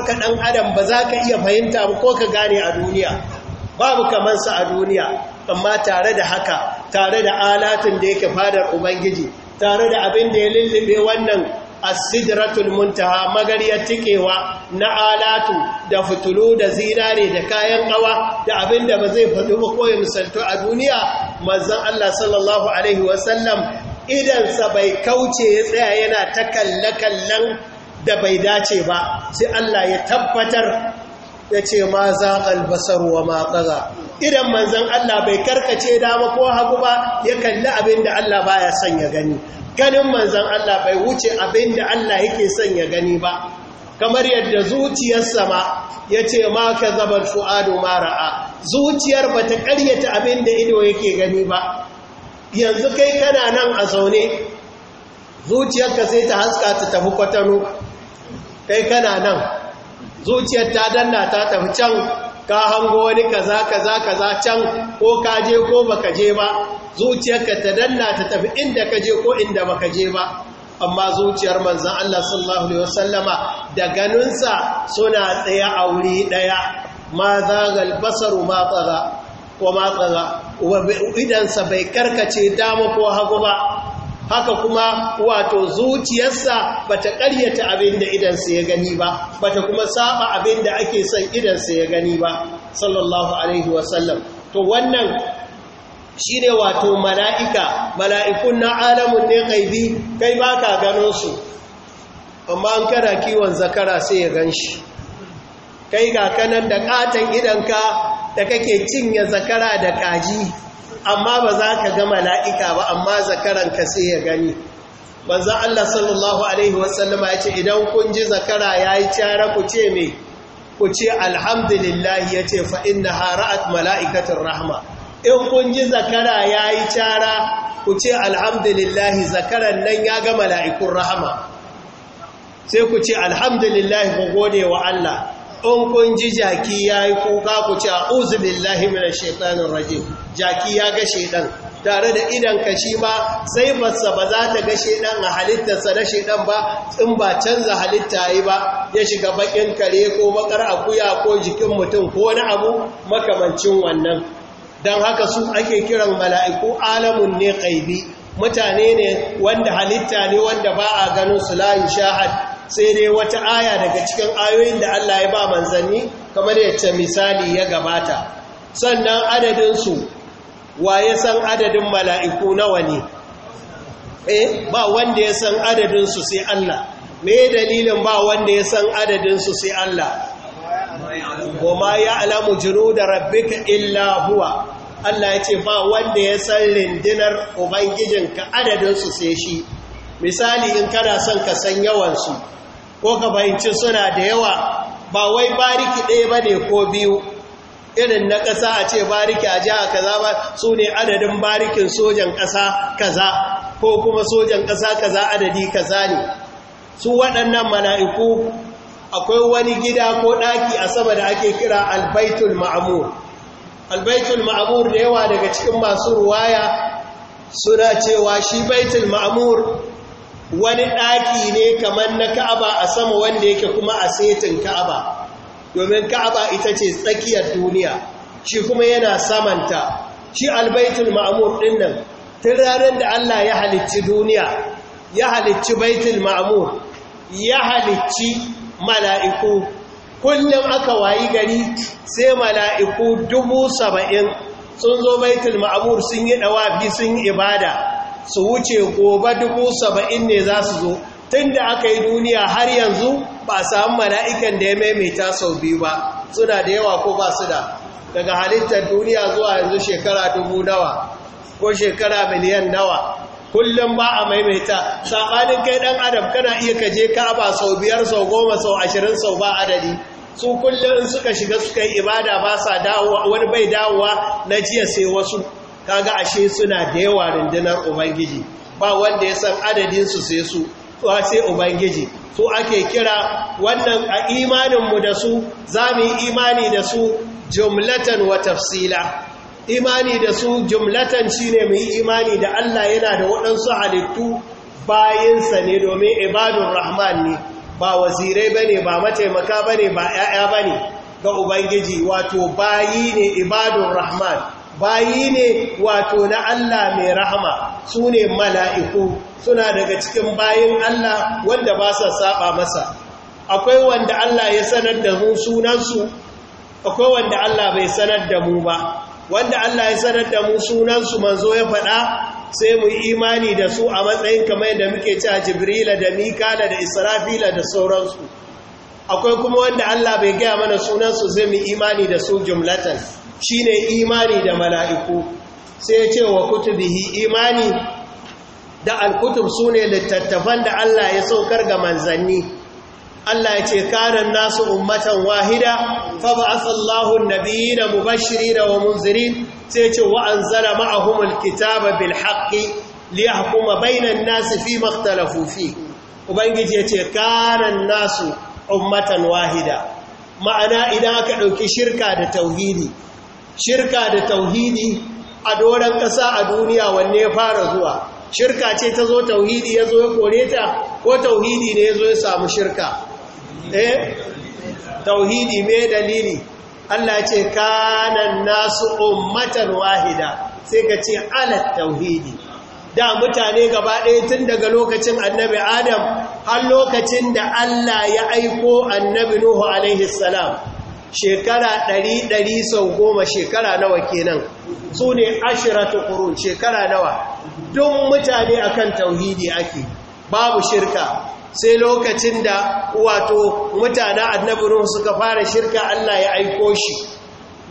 ka dan adam ba za ka iya fahimta ba ko ka gane a duniya, babu sa a duniya, amma tare da haka, tare da alatun da yake fadar Ubangiji, tare da abin da ya lullube wannan asidratul muntaha magariyar tikewa na alatu da fitulu da zinare da kayan kawa da abin da ba zai faɗi ba koyi misaltu a duniya manzon Allah sallallahu alaihi wasallam idansa bai kauce ya tsaya yana ta kalle-kallen da bai dace ba sai Allah ya tabbatar ya ce ma za albasar wa matsaza idan manzon Allah bai karkace dama ko hagu ba ya kalli abin da Allah baya son ya gani ganin manzan Allah bai wuce abin da Allah yake son ya gani ba kamar yadda zuciyar sama ya ce ma ka zabar fu'adu mara'a zuciyar ba ta karyata abin da ido yake gani ba yanzu kai kana nan a zaune zuciyarka sai ta haska ta tafi kwatano kai kana nan zuciyar ta danna ta tafi can ka hango wani kaza kaza kaza can ko ka je ko baka je ba zuciyarka ta danna ta tafi inda ka je ko inda baka je ba amma zuciyar manzan Allah sallallahu alaihi wasallama da ganinsa suna tsaye a wuri daya ma zagal basaru ma tsaga ko ma tsaga sa bai karkace dama ko hagu ba haka kuma wato zuciyarsa bata ƙaryata abin da idansa ya gani ba bata kuma saba abin da ake son idansa ya gani ba sallallahu alaihi wasallam to wannan shine wato mala'ika mala'ikun na alamun ne gaibi kai baka gano su amma an kana kiwon zakara sai ya ganshi. kai ga kanan da katon idanka da kake cinye zakara da kaji amma ba za ka ga mala'ika ba amma zakaran ka sai ya gani banza Allah sallallahu Alaihi wasallama ya ce idan kun ji zakara ya yi cara ku ce mai ku ce alhamdulillahi ya ce fa'in na hara'at mala'ikatun rahama in kun ji zakara ya yi cara ku ce alhamdulillahi zakaran nan ya ga mala'ikun rahama sai ku ce alhamdulillahi ku gode wa Allah in kun ji jaki ya yi kuka ku ce a uzubillahi mina shaitanin raje jaki ya ga shaitan tare da idan ka shi ma masa ba za ta ga shaitan a halittarsa na shaitan ba in ba canza halitta yi ba ya shiga bakin kare ko bakar akuya ko jikin mutum ko wani abu makamancin wannan don haka su ake kiran mala'iku alamun ne kaibi mutane ne wanda halitta ne wanda ba a ganin su layin shahad sai dai wata aya daga cikin ayoyin da Allah ya ba manzanni kamar yadda misali ya gabata sannan adadinsu wa ya san adadin mala'iku nawa ne eh ba wanda ya san adadinsu sai Allah me dalilin ba wanda ya san adadinsu sai Allah goma ya alamu jiru da rabbika illa huwa Allah ya ce ba wanda ya san rindinar ubangijinka adadinsu sai shi misali in kana son ka san yawansu ko ka fahimci suna da yawa ba wai bariki ɗaya bane ko biyu irin na ƙasa a ce bariki a jiha kaza ba su ne adadin barikin sojan ƙasa kaza ko kuma sojan ƙasa kaza adadi kaza ne su waɗannan mala'iku akwai wani gida ko ɗaki a sama da ake kira albaitul ma'amur albaitul ma'amur da yawa daga cikin masu ruwaya suna cewa shi baitul ma'amur wani ɗaki ne kamar na ka'aba a sama wanda yake kuma a setin ka'aba domin ka'aba ita ce tsakiyar duniya shi kuma yana samanta shi albaitul ma'amur ɗin nan tun ranar da Allah ya halicci duniya ya halicci baitul ma'amur ya halicci mala'iku kullum aka wayi gari sai mala'iku dubu saba'in sun zo baitul ma'amur sun yi ɗawafi sun yi ibada su wuce gobe dubu saba'in ne za su zo tun da aka yi duniya har yanzu ba samu mala'ikan da ya maimaita sau biyu ba suna da yawa ko ba su da daga halittar duniya zuwa yanzu shekara dubu nawa ko shekara miliyan nawa kullum ba a maimaita saɓanin kai ɗan adam kana iya kaje ba sau biyar sau goma sau ashirin sau ba adadi su kullum suka shiga suka yi ibada ba sa dawowa wani bai dawowa na jiya sai wasu kaga ashe suna da yawa rundunar ubangiji ba wanda ya san adadin su sai su to sai ubangiji su ake kira wannan a imaninmu da su za mu yi imani da su jumlatan wa tafsila imani da su jumlatan shine mu yi imani da Allah yana da waɗansu halittu bayinsa ne domin ibadun rahman ne ba wazirai bane ba mataimaka bane ba 'ya'ya bane ga ubangiji wato bayi ne ibadun rahman bayi ne wato na Allah mai rahama su ne mala'iku suna daga cikin bayin Allah wanda ba sa saba masa akwai wanda Allah ya sanar da mu sunansu akwai wanda Allah bai sanar da mu ba wanda Allah ya sanar da mu sunansu manzo ya faɗa sai mu imani da su a matsayin kamar da muke ci a jibrila da mikala da israfila da sauransu akwai kuma wanda Allah bai gaya mana sunansu zai mu imani da su jumlatan shine imani da mala'iku sai ce wa kutubihi imani da alkutub sune littattafan da Allah ya saukar ga manzanni Allah ya ce kanan nasu ummatan wahida fa ba'atha Allahu an-nabiyina mubashirin wa munzirin sai ce wa anzala ma'ahumul kitaba bil haqqi liyahkuma bainan nasi fi ma ubangiji ya ce kanan nasu ummatan wahida ma'ana idan aka ɗauki shirka da tauhidi shirka da tauhidi a doron ƙasa a duniya wanne ya fara zuwa shirka ce ta zo tauhidi ya zo ya kore ta ko tauhidi ne ya zo ya samu shirka eh tauhidi mai dalili Allah ce kanan nasu ummatan wahida sai ka ce ala tauhidi da mutane gaba ɗaya tun daga lokacin annabi adam har lokacin da Allah ya aiko annabi Nuhu alaihi salam shekara ɗari ɗari sau goma shekara nawa kenan su ne ta ƙuru shekara nawa don mutane akan tauhidi ake babu shirka sai lokacin da wato mutane annabinun suka fara shirka Allah ya aiko shi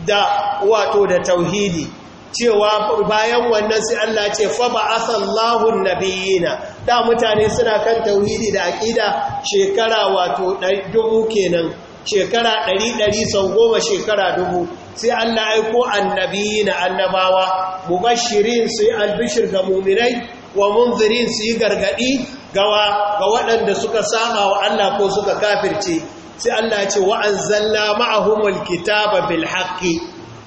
da wato da tauhidi cewa bayan wannan sai Allah ce fa ba'athallahu nabiyina da mutane suna kan tauhidi da aƙida shekara wato dubu kenan shekara ɗari ɗari sau goma shekara dubu sai Allah aiko annabi na annabawa mu su yi albishir ga muminai wa munzirin su yi gargaɗi gawa ga waɗanda suka sama wa Allah ko suka kafirce sai Allah ce wa zalla ma'ahumul kitaba bil haqqi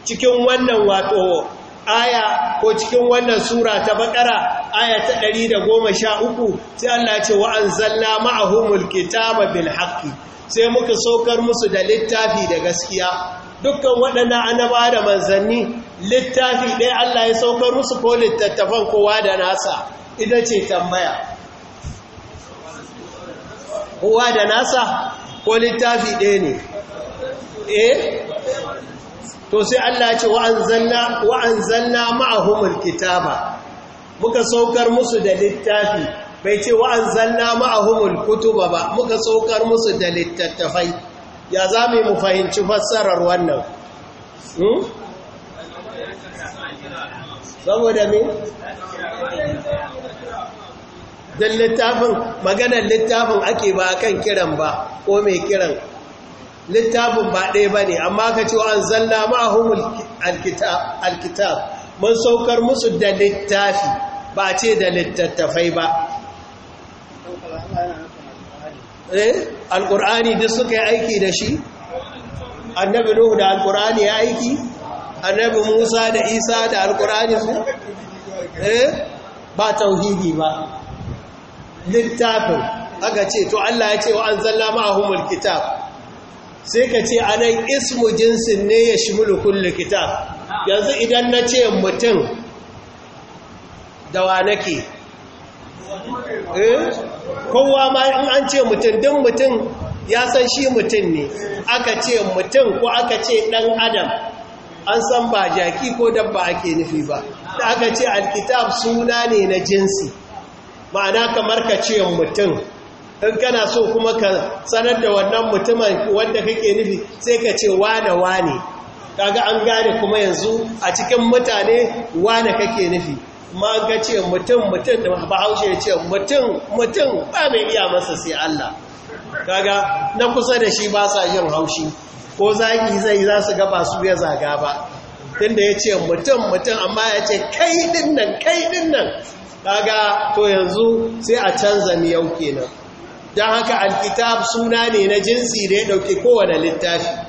cikin wannan wato aya ko cikin wannan sura ta bakara aya ta ɗari 113 sai Allah ya ce wa zalla ma'ahumul kitaba bil haqqi sai muka saukar musu da littafi da gaskiya dukkan waɗannan annaba da manzanni littafi ɗaya Allah ya saukar musu ko littattafan kowa da nasa ita ce tambaya kowa da nasa ko littafi ɗaya ne eh to sai Allah ce wa’an zanna ma’ahumar kitaba muka saukar musu da littafi bai ce wa’an zanna ma'ahumul kutuba ba muka saukar musu da littattafai ya za mu fahimci fassarar wannan hmm? saboda me Don littafin maganar littafin ake ba kan kiran ba ko mai kiran littafin ba ɗaya ba ne amma ka ce wa’an zanna ma’ahumul alkitab mun saukar musu da littafi ba ce da littattafai ba Eh, alƙur'ani duk suka yi aiki da shi annabi nuhu da Alƙur'ani ya aiki annabi musa da isa da Alƙur'ani su eh, ba tauhidi ba littafin aka ce to Allah ya ce wa an anzalna ma'ahumul kitab sai ka ce anan ismu jinsin ne ya shi kullu kitab yanzu idan na ce mutum da wa nake Eh? kowa ma in an ce mutum din mutum ya san shi mutum ne aka ce mutum ko aka ce ɗan adam an san ba jaki ko dabba ake nufi ba da aka ce alkitab suna ne na jinsi ma'ana kamar ka ce mutum in kana so kuma ka sanar da wannan mutumin wanda kake nufi sai ka ce wane wane kaga an gane kuma yanzu a cikin mutane wane kake nufi ma ga ce mutum mutum da bahaushe ya ce mutum mutum ba mai iya masa sai Allah kaga na kusa da shi ba sa yin haushi ko zaki zai za su gaba su ya zaga ba tunda ya ce mutum mutum amma ya ce kai din nan kai din nan kaga to yanzu sai a canza miyau kenan don haka alkitab suna ne na jinsi da ya ɗauki kowane littafi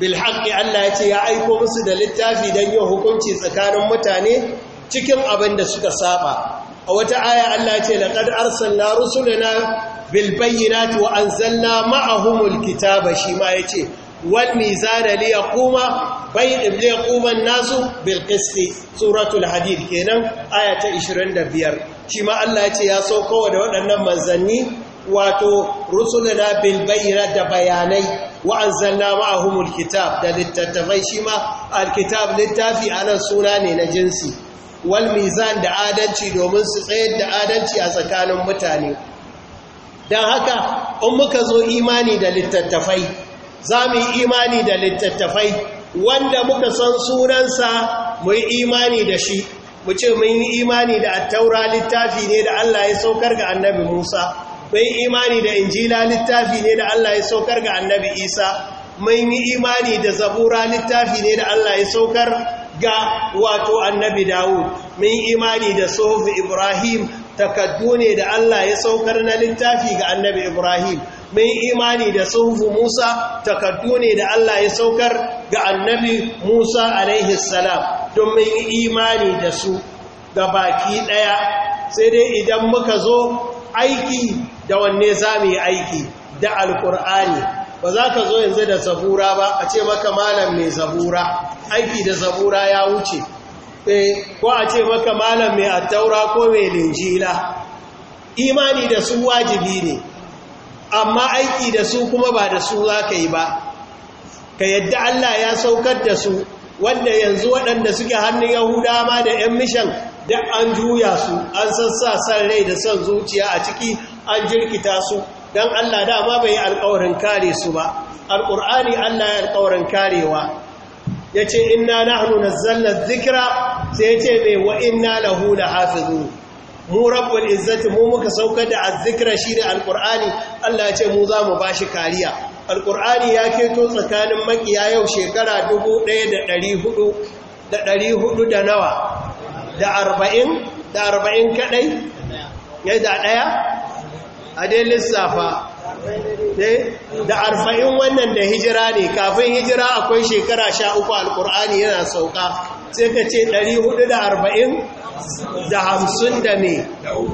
bilhaƙi Allah ya ce ya aiko musu da littafi don yin hukunci tsakanin mutane cikin abin da suka saba a wata aya Allah ce laqad arsalna rusulana bil bayyinati wa anzalna ma'ahumul kitaba shi yace wal mizana li yaquma bayn li yaquma an-nasu bil qisti suratul hadid kenan aya ta 25 biyar, ma Allah yace ya sauko da waɗannan manzanni wato rusulana bil bayyinati da bayanai wa anzalna ma'ahumul kitab da littattafai shima alkitab al-kitab littafi anan suna ne na jinsi wal mizan da adalci domin su tsayar da adalci a tsakanin mutane don haka in muka zo imani da littattafai za mu yi imani da littattafai wanda muka san sunansa mu yi imani da shi mu ce mun yi imani da attaura littafi ne da Allah ya saukar ga annabi Musa mun yi imani da injila littafi ne da Allah ya saukar ga annabi Isa mun yi imani da zabura littafi ne da Allah ya saukar ga wato annabi Dawud mun imani da suhuf Ibrahim takaddu ne da Allah ya saukar na littafi ga annabi Ibrahim mun imani da suhuf Musa takaddu ne da Allah ya saukar ga annabi Musa alaihi salam don mun imani da su ga baki daya sai dai idan muka zo aiki da wanne za mu yi aiki da alkur'ani ba za ka zo yanzu da zabura ba a ce maka malam mai zabura aiki da zabura ya wuce eh, ko a ce maka malam mai attaura ko mai linjila imani da su wajibi ne amma aiki da su kuma ba da su za ka yi ba ka yadda Allah ya saukar da su wanda yanzu waɗanda suke hannun yahuda ma da 'yan mishan da an juya su an sassa san rai da san zuciya a ciki an jirkita su don Allah dama bai yi alkawarin kare su ba alƙur'ani Allah ya alkawarin karewa ya ce inna na hannu na zallar zikira sai ya ce mai wa inna na hafi hafizu mu rabbul izzati mu muka saukar da azzikira shi ne alƙur'ani Allah ya ce mu za mu ba shi kariya alƙur'ani ya keto tsakanin makiya yau shekara dubu ɗaya da ɗari hudu da nawa da arba'in da arba'in kaɗai ya da ɗaya a dai lissafa eh, da arfa'in wannan da hijira ne kafin hijira akwai shekara sha uku alkur'ani yana sauka sai ka ce ɗari hudu da arba'in da hamsin da ne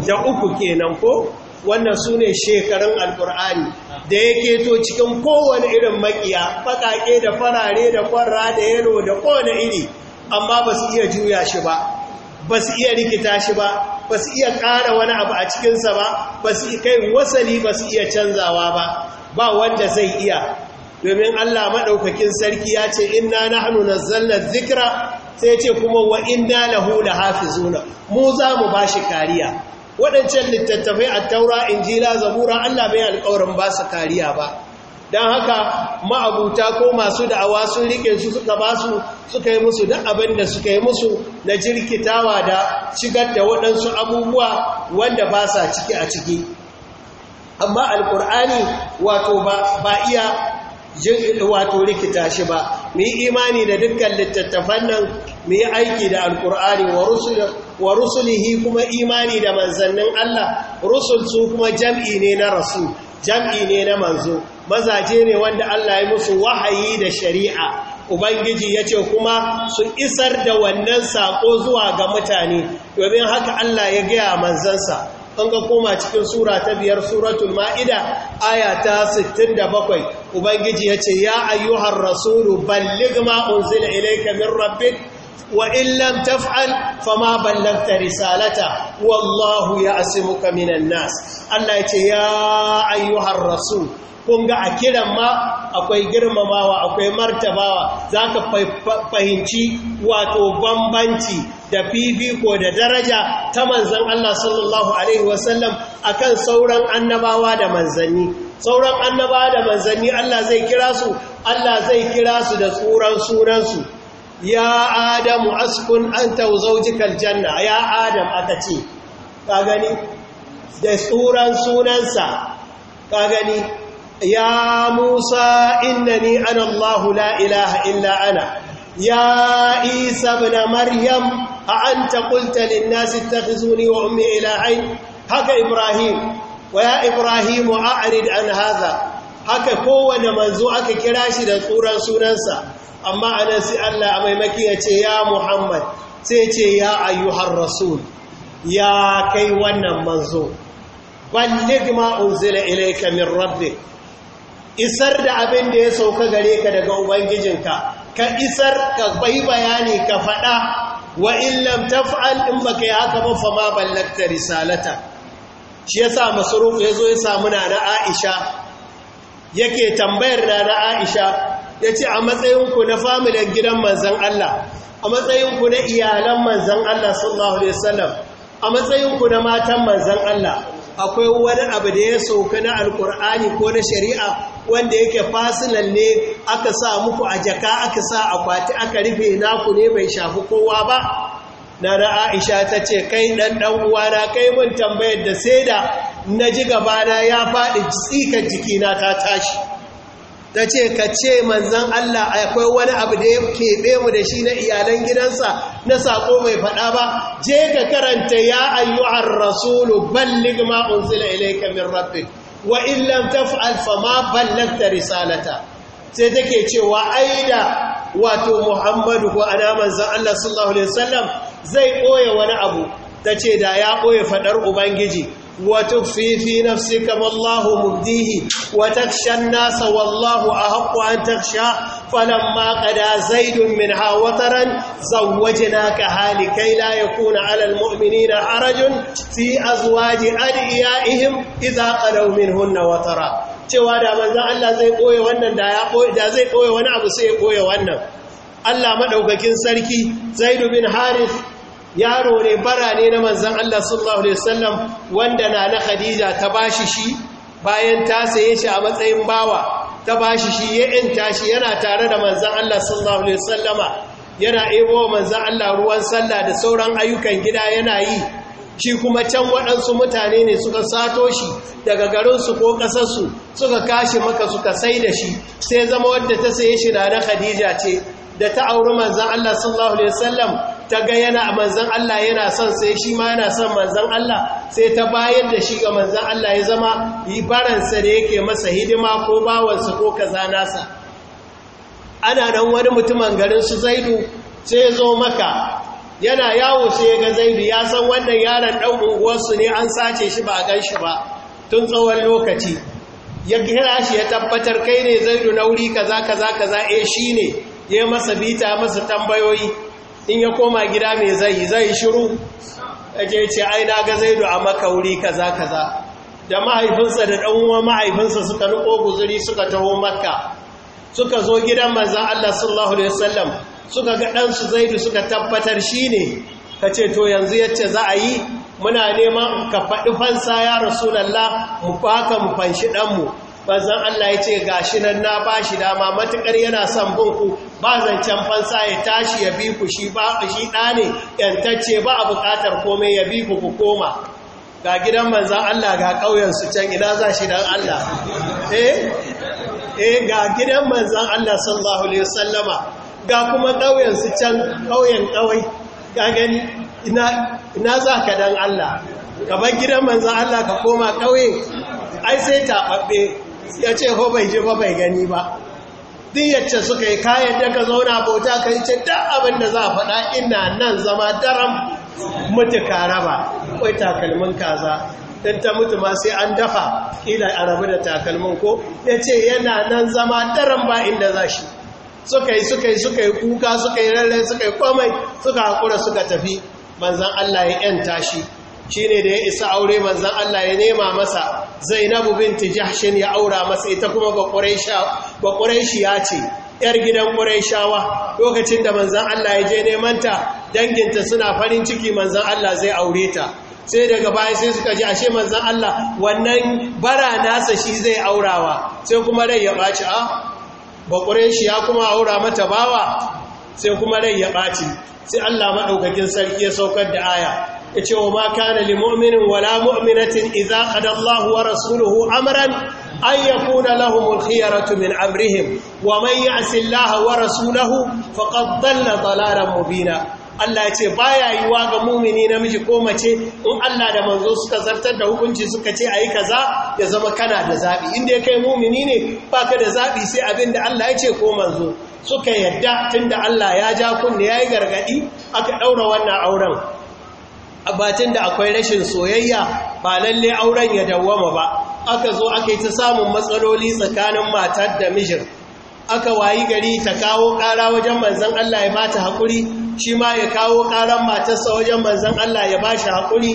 da uku kenan ko wannan su ne shekarun alkur'ani da ya keto cikin kowane irin makiya baƙaƙe da farare da kwarra da yaro da kowane iri amma ba su iya juya shi ba ba su iya rikita shi ba ba su iya ƙara wani abu a cikinsa ba ba su kai wasali ba su iya canzawa ba ba wanda zai iya domin Allah maɗaukakin sarki ya ce inna na nazzalna zikira? sai ce kuma wa inna lahu lahafizuna mu za mu bashi kariya waɗancan littattafai a taura injila zabura Allah bai alƙawarin ba su kariya ba don haka ma'abuta ko masu da'awa sun rike su suka ba su suka yi musu don abin da suka yi musu na jirkitawa da shigar da waɗansu abubuwa wanda ba sa ciki a ciki amma alkur'ani wato ba iya wato rikita shi ba mu yi imani da dukkan littattafan nan mu aiki da alkur'ani wa rusulihi kuma imani da manzannin Allah rusul su kuma jam'i ne na rasu jam'i ne na manzo mazaje ne wanda Allah ya musu wahayi da shari'a ubangiji ya ce kuma su isar da wannan saƙo zuwa ga mutane domin haka Allah ya gaya manzansa an ga koma cikin sura ta biyar suratul ma'ida aya ta 67 ubangiji ya ce ya ayyuhar rasulu balligh ma unzila ilayka min rabbik wa in lam taf'al fama ballagta risalata wallahu ya'simuka minan nas Allah ya ce ya ayyuhar rasul kun ga a kiran ma akwai girmamawa akwai martabawa za ka fahimci wato bambanci da fifiko da daraja ta manzan Allah sallallahu Alaihi wasallam a kan sauran annabawa da manzanni sauran annabawa da manzanni Allah zai kira su Allah zai kira su da tsoron sunansu ya adamu askun an tauzojikar janna ya adam aka ce ka gani da tsoron sunansa ka gani ya musa innani ana la ilaha illa ana ya isa na maryam a an ta kulta linnasi ta fi zuni wa umi ilahai haka ibrahim waya ya ibrahim wa arid an haza haka kowane manzo aka kira shi da tsoron sunansa amma a nan si allah a maimaki ya ce ya muhammad sai ce ya ayyuhan rasul ya kai wannan manzo wallid ma'un zila ilai kamin rabbi isar da abin da ya sauka gare ka daga ubangijinka ka isar ka bai bayani ka faɗa wa in lam taf'al in baka yi haka ba fa ma ballagta risalata shi yasa masruf yazo ya samu na Aisha yake tambayar na Aisha yace a matsayin ku na familin gidan manzon Allah a matsayin ku na iyalan manzon Allah sallallahu alaihi wasallam a matsayin ku na matan manzon Allah akwai wani abu da ya sauka na alkur'ani ko na shari'a wanda yake fasilan ne aka sa muku a jaka aka sa akwati aka rufe ku ne bai shafi kowa ba na aisha ta ce kai dan dan uwana kai mun tambayar da sai da na ji gabana ya faɗi tsikar jikina ta tashi ta ce ka ce manzan Allah akwai wani abu da ya keɓe mu da shi na iyalan gidansa na saƙo mai faɗa ba je ka karanta ya ayyuhar rasulu ballig ma'un zila ilai min rabbi, wa in lam taf'al ma risalata sai take cewa aida wato Muhammadu ko ana manzan Allah sallallahu alaihi wasallam zai ɓoye wani abu ta ce da ya ɓoye faɗar ubangiji وتخفي في نفسك ما الله مبديه وتخشى الناس والله أحق أن تخشى فلما قدى زيد منها وترا زوجناكها لكي لا يكون على المؤمنين حرج في أزواج أدعيائهم إذا قلوا منهن وترا cewa da manzan Allah zai koye wannan da zai koye wani abu sai ya koye wannan Allah maɗaukakin sarki zaidu bin harith yaro ne bara ne na manzan Allah sallallahu Alaihi wasallam wanda na na Khadija ta bashi shi bayan ta saye shi a matsayin bawa ta bashi shi ya ‘yanta shi yana tare da manzan Allah sallallahu Alaihi wasallama yana ebo manzan Allah ruwan sallah da sauran ayyukan gida yana yi shi kuma can waɗansu mutane ne suka sato shi daga garinsu ko ƙasarsu suka kashe maka suka sai da shi sai zama wadda ta saye shi na na Khadija ce da ta auri manzan Allah sallallahu Alaihi wasallam ta ga yana manzan Allah yana son sai shi ma yana son manzan Allah sai ta bayar da shi ga manzan Allah ya zama yi baransa da yake masa hidima ko bawansa ko kaza nasa ana nan wani mutumin garin su zaidu sai ya zo maka yana yawo sai ya ga zaidu ya san wannan yaron ɗan unguwarsu ne an sace shi ba a gan shi ba tun tsawon lokaci ya kira shi ya tabbatar kai ne zaidu na wuri kaza kaza kaza eh shi ne ya masa bita masa tambayoyi in ya koma gida mai zai zai shiru aje ce ai na ga zaidu a makauri kaza kaza da mahaifinsa da dan uwa mahaifinsa suka riko guzuri suka taho makka suka zo gidan manzon Allah sallallahu alaihi wasallam suka ga dan su zaidu suka tabbatar shine kace to yanzu yace za a yi muna neman ka faɗi fansa ya rasulallah mu baka mu fanshi ɗanmu banzan Allah ya ce gashi nan na ba shi dama matukar yana son binku ba zancen fansa ya tashi ya bi ku shi ba shi ɗane yantacce ba a buƙatar komai ya bi ku ku koma ga gidan manzan Allah ga ƙauyensu can ina za shi don Allah eh eh ga gidan manzan Allah sallahu alaihi wasallama ga kuma ƙauyensu can ƙauyen ƙawai ga gani ina za ka don Allah ka bar gidan manzan Allah ka koma ƙauye ai sai taɓaɓɓe ya ce ko bai ji ba bai gani ba din yacce suka yi kayan da ka zauna bauta ka yi ce duk abin da za a faɗa ina nan zama daram mutu karaba kwai takalmin kaza don ta mutu ma sai an dafa ƙila a rabu da takalmin ko ya ce yana nan zama daram ba inda za shi suka yi suka yi suka yi kuka suka yi rarrai suka yi komai suka haƙura suka tafi manzan Allah ya ‘yanta shi Shi ne da ya isa aure manzon Allah ya nema masa Zainabu binti Jahshin ya aura masa ita kuma ba ya ce yar gidan Quraishawa lokacin da manzan Allah ya je neman ta danginta suna farin ciki manzan Allah zai aure ta sai daga baya sai suka ji ashe manzan Allah wannan bara nasa shi zai aurawa sai kuma rai ya ɓaci a ah, bakure ya kuma aura mata bawa sai kuma rai ya ɓaci sai Allah maɗaukakin sarki ya saukar da aya yace wa ma kana lil mu'minin wala mu'minatin idza qada Allahu wa rasuluhu amran an yakuna lahu khiyaratu min amrihim wa man ya'si Allah wa rasulahu faqad dalla dalalan mubina Allah ce baya yiwa ga mumini namiji ko mace in Allah da manzo suka zartar da hukunci suka ce ayi kaza ya zama kana da zabi inda kai mumini ne baka da zabi sai abin da Allah ya ce ko manzo suka yadda tunda Allah ya ja kunne yayi gargadi aka daura wannan auren Batin da akwai rashin soyayya ba lalle auren ya dawwama ba aka zo aka ta samun matsaloli tsakanin matar da mijin aka wayi gari ta kawo ƙara wajen manzan Allah ya ba ta haƙuri shi ma ya kawo ƙaran matarsa wajen manzan Allah ya ba shi haƙuri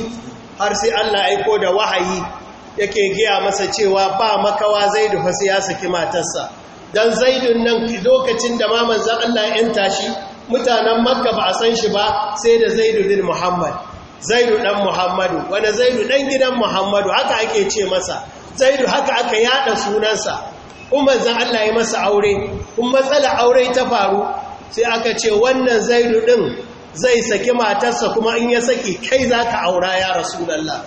har sai Allah aiko da wahayi yake giya masa cewa ba makawa zaidu fa sai ya saki matarsa dan zaidun nan lokacin da ma manzan Allah ya yanta shi mutanen makka ba a san shi ba sai da zaidu bin muhammad zaidu ɗan muhammadu wani zaidu ɗan gidan muhammadu haka ake ce masa zaidu haka aka yada sunansa kuma zan Allah ya masa aure kuma matsala aure ta faru sai aka ce wannan zaidu ɗin zai saki matarsa kuma in ya saki kai za ka aura ya rasu rasulullah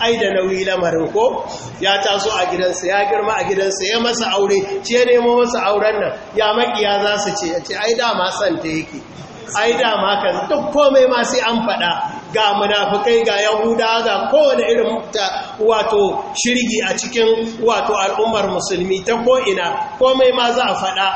ai da nauyi lamarin ko ya taso a gidansa ya girma a gidansa ya masa aure ce nemo masa auren nan ya makiya za su ce ya ce ai dama san ta yake ai dama kan duk komai ma sai an faɗa ga munafikai ga yahuda ga kowane irin wato shirgi a cikin wato al'ummar musulmi ta ko'ina komai ma za a faɗa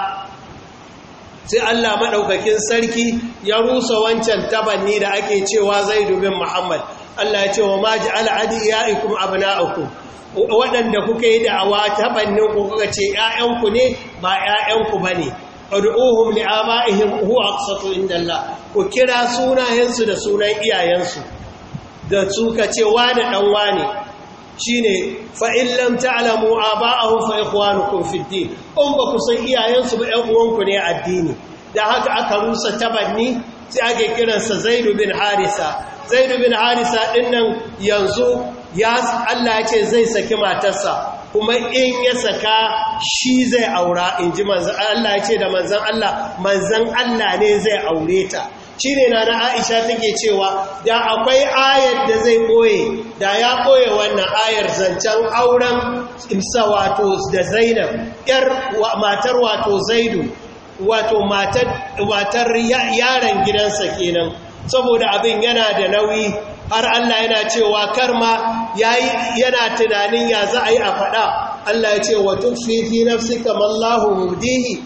sai Allah maɗaukakin sarki ya rusa wancan tabanni da ake cewa zai dubin Muhammad Allah ya ce wa ma abu na abna'akum waɗanda kuka yi da awa tabanninku kuka ce ‘ya'yanku ne ba ‘ya'yanku ba ne’ ad'uhum li'aba'ihim huwa aqsatu indallah ku kira sunayensu da sunan iyayensu da suka ce wani dan wani shine fa in lam ta'lamu aba'ahum fa ikhwanukum fid din in ba ku san iyayensu ba 'yan uwanku ne addini da haka aka rusa tabanni sai ake kiransa Zaid bin Harisa Zaid bin Harisa dinnan yanzu ya Allah ya ce zai saki matarsa kuma in ya saka shi zai aura in ji manzan Allah ya ce da manzan Allah manzan Allah ne zai aure ta shi ne na Aisha take cewa da akwai ayar da zai ɓoye da ya ɓoye wannan ayar zancen auren imsa wato da zainab ‘yar matar wato zaidu wato matar yaran gidansa kenan saboda abin yana da nauyi har Allah yana cewa karma yayi yana tunanin ya za a yi a faɗa Allah ya ce wa tufi fi kamar mallahu mudihi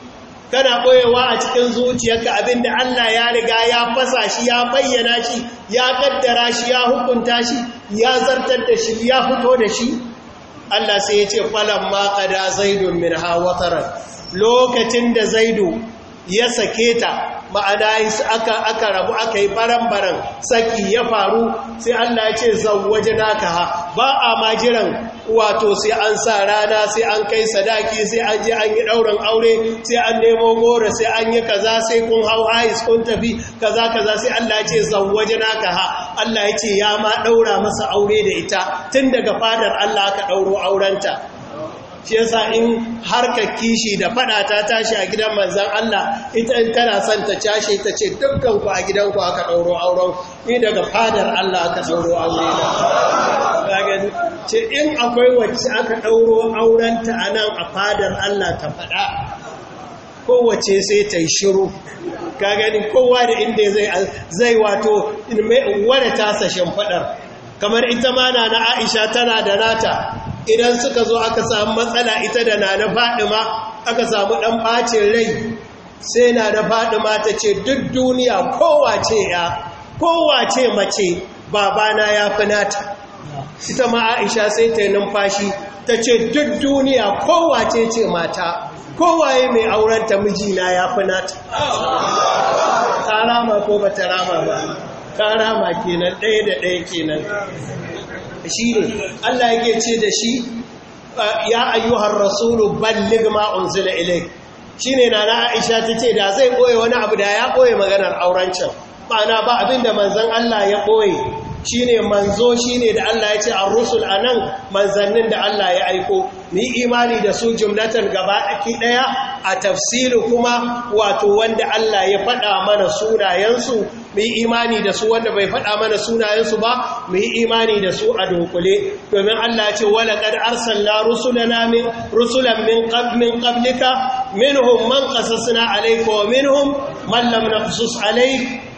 kana boyewa a cikin zuciyarka abinda Allah ya riga ya fasa shi ya bayyana shi ya kaddara shi ya hukunta shi ya zartar da shi ya fito da shi Allah sai ya ce falan ma qada zaidun min hawataran lokacin da zaidu ya sake ta ma'ana aka aka rabu aka yi baran-baran saki ya faru sai Allah ya ce zawwaje naka ha ba a majiran wato sai an sa rana sai an kai sadaki sai an je an yi ɗaurin aure sai an nemo goro sai an yi kaza sai kun hau hais kun tafi kaza kaza sai Allah ya ce zawwaje naka ha Allah ya ce ya ma ɗaura masa aure da ita tun daga fadar Allah aka ɗauro aurenta shi yasa in harka kishi da fada ta tashi a gidan manzan Allah ita in tana son ta tashi ta ce dukkan ku a gidan ku aka dauro auren ni daga fadar Allah aka dauro auren ce in akwai wacce aka dauro auren ta anan a fadar Allah ta fada kowace sai ta yi shiru ka gani kowa da inda zai zai wato wadda ta sashen fadar kamar ita ma na Aisha tana da nata idan suka zo aka samu matsala ita da nana faɗima, aka samu ɗan ɓacin rai sai na nana faɗima ta ce duk duniya kowace ya kowace mace babana ya fi nata ita ma aisha sai ta numfashi ta ce duk duniya kowace ce mata kowaye mai aurenta mijina ya fi nata ta rama ko ba ta rama ba ta rama kenan ɗaya da ɗaya kenan Shine Allah yake ce da shi ya ayyuhar rasulu ballig ma unzila ilayk shine nana Aisha tace da zai boye wani abu da ya boye maganar aurancin ma'ana ba abinda manzon Allah ya boye shine manzo shine da Allah ya ce ar-rusul anan manzannin da Allah ya aiko ni imani da su jumlatan gaba aki ɗaya a tafsiru kuma wato wanda Allah ya faɗa mana sunayensu mu yi imani da su wanda bai faɗa mana sunayensu ba mu yi imani da su a dokule domin Allah ce wala kad arsalna rusulana min rusulan min qablin qablika minhum man qasasna alayka wa minhum man lam naqsus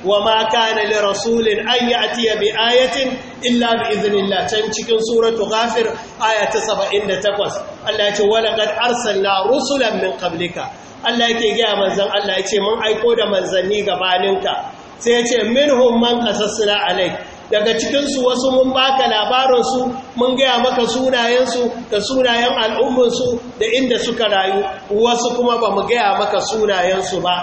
wa ma kana li rasulin an ya'ti bi ayatin illa bi idhnillah tan cikin suratu ghafir ayat 78 Allah ya ce wala kad arsalna rusulan min qablika Allah yake ga manzon Allah ya ce mun aiko da manzanni gabaninka sai ce ce minhum man qasassna alaik daga cikinsu wasu mun baka labarinsu mun gaya maka sunayensu da sunayen al'ummansu da inda suka rayu wasu kuma ba mu gaya maka sunayensu ba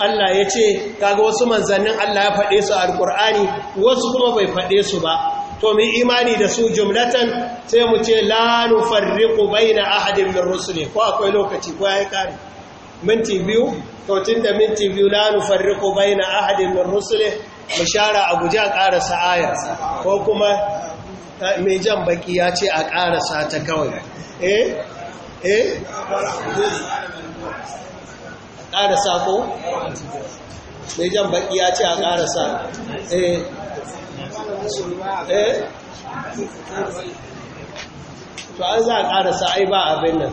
Allah ya ce kaga wasu manzannin Allah ya faɗe su alƙur'ani wasu kuma bai faɗe su ba to mu imani da su jumlatan sai mu ce la nufarriqu baina ahadin min rusuli ko akwai lokaci ko yi kare minti biyu to tun da minti biyu la nufarriqu baina ahadin min rusulih shara a guji a karasa ayar ko kuma mai jan baki ya ce a karasa ta kawai eh eh karasa ko mai jan baki ya ce a karasa eh eh to an za a karasa ai ba abin nan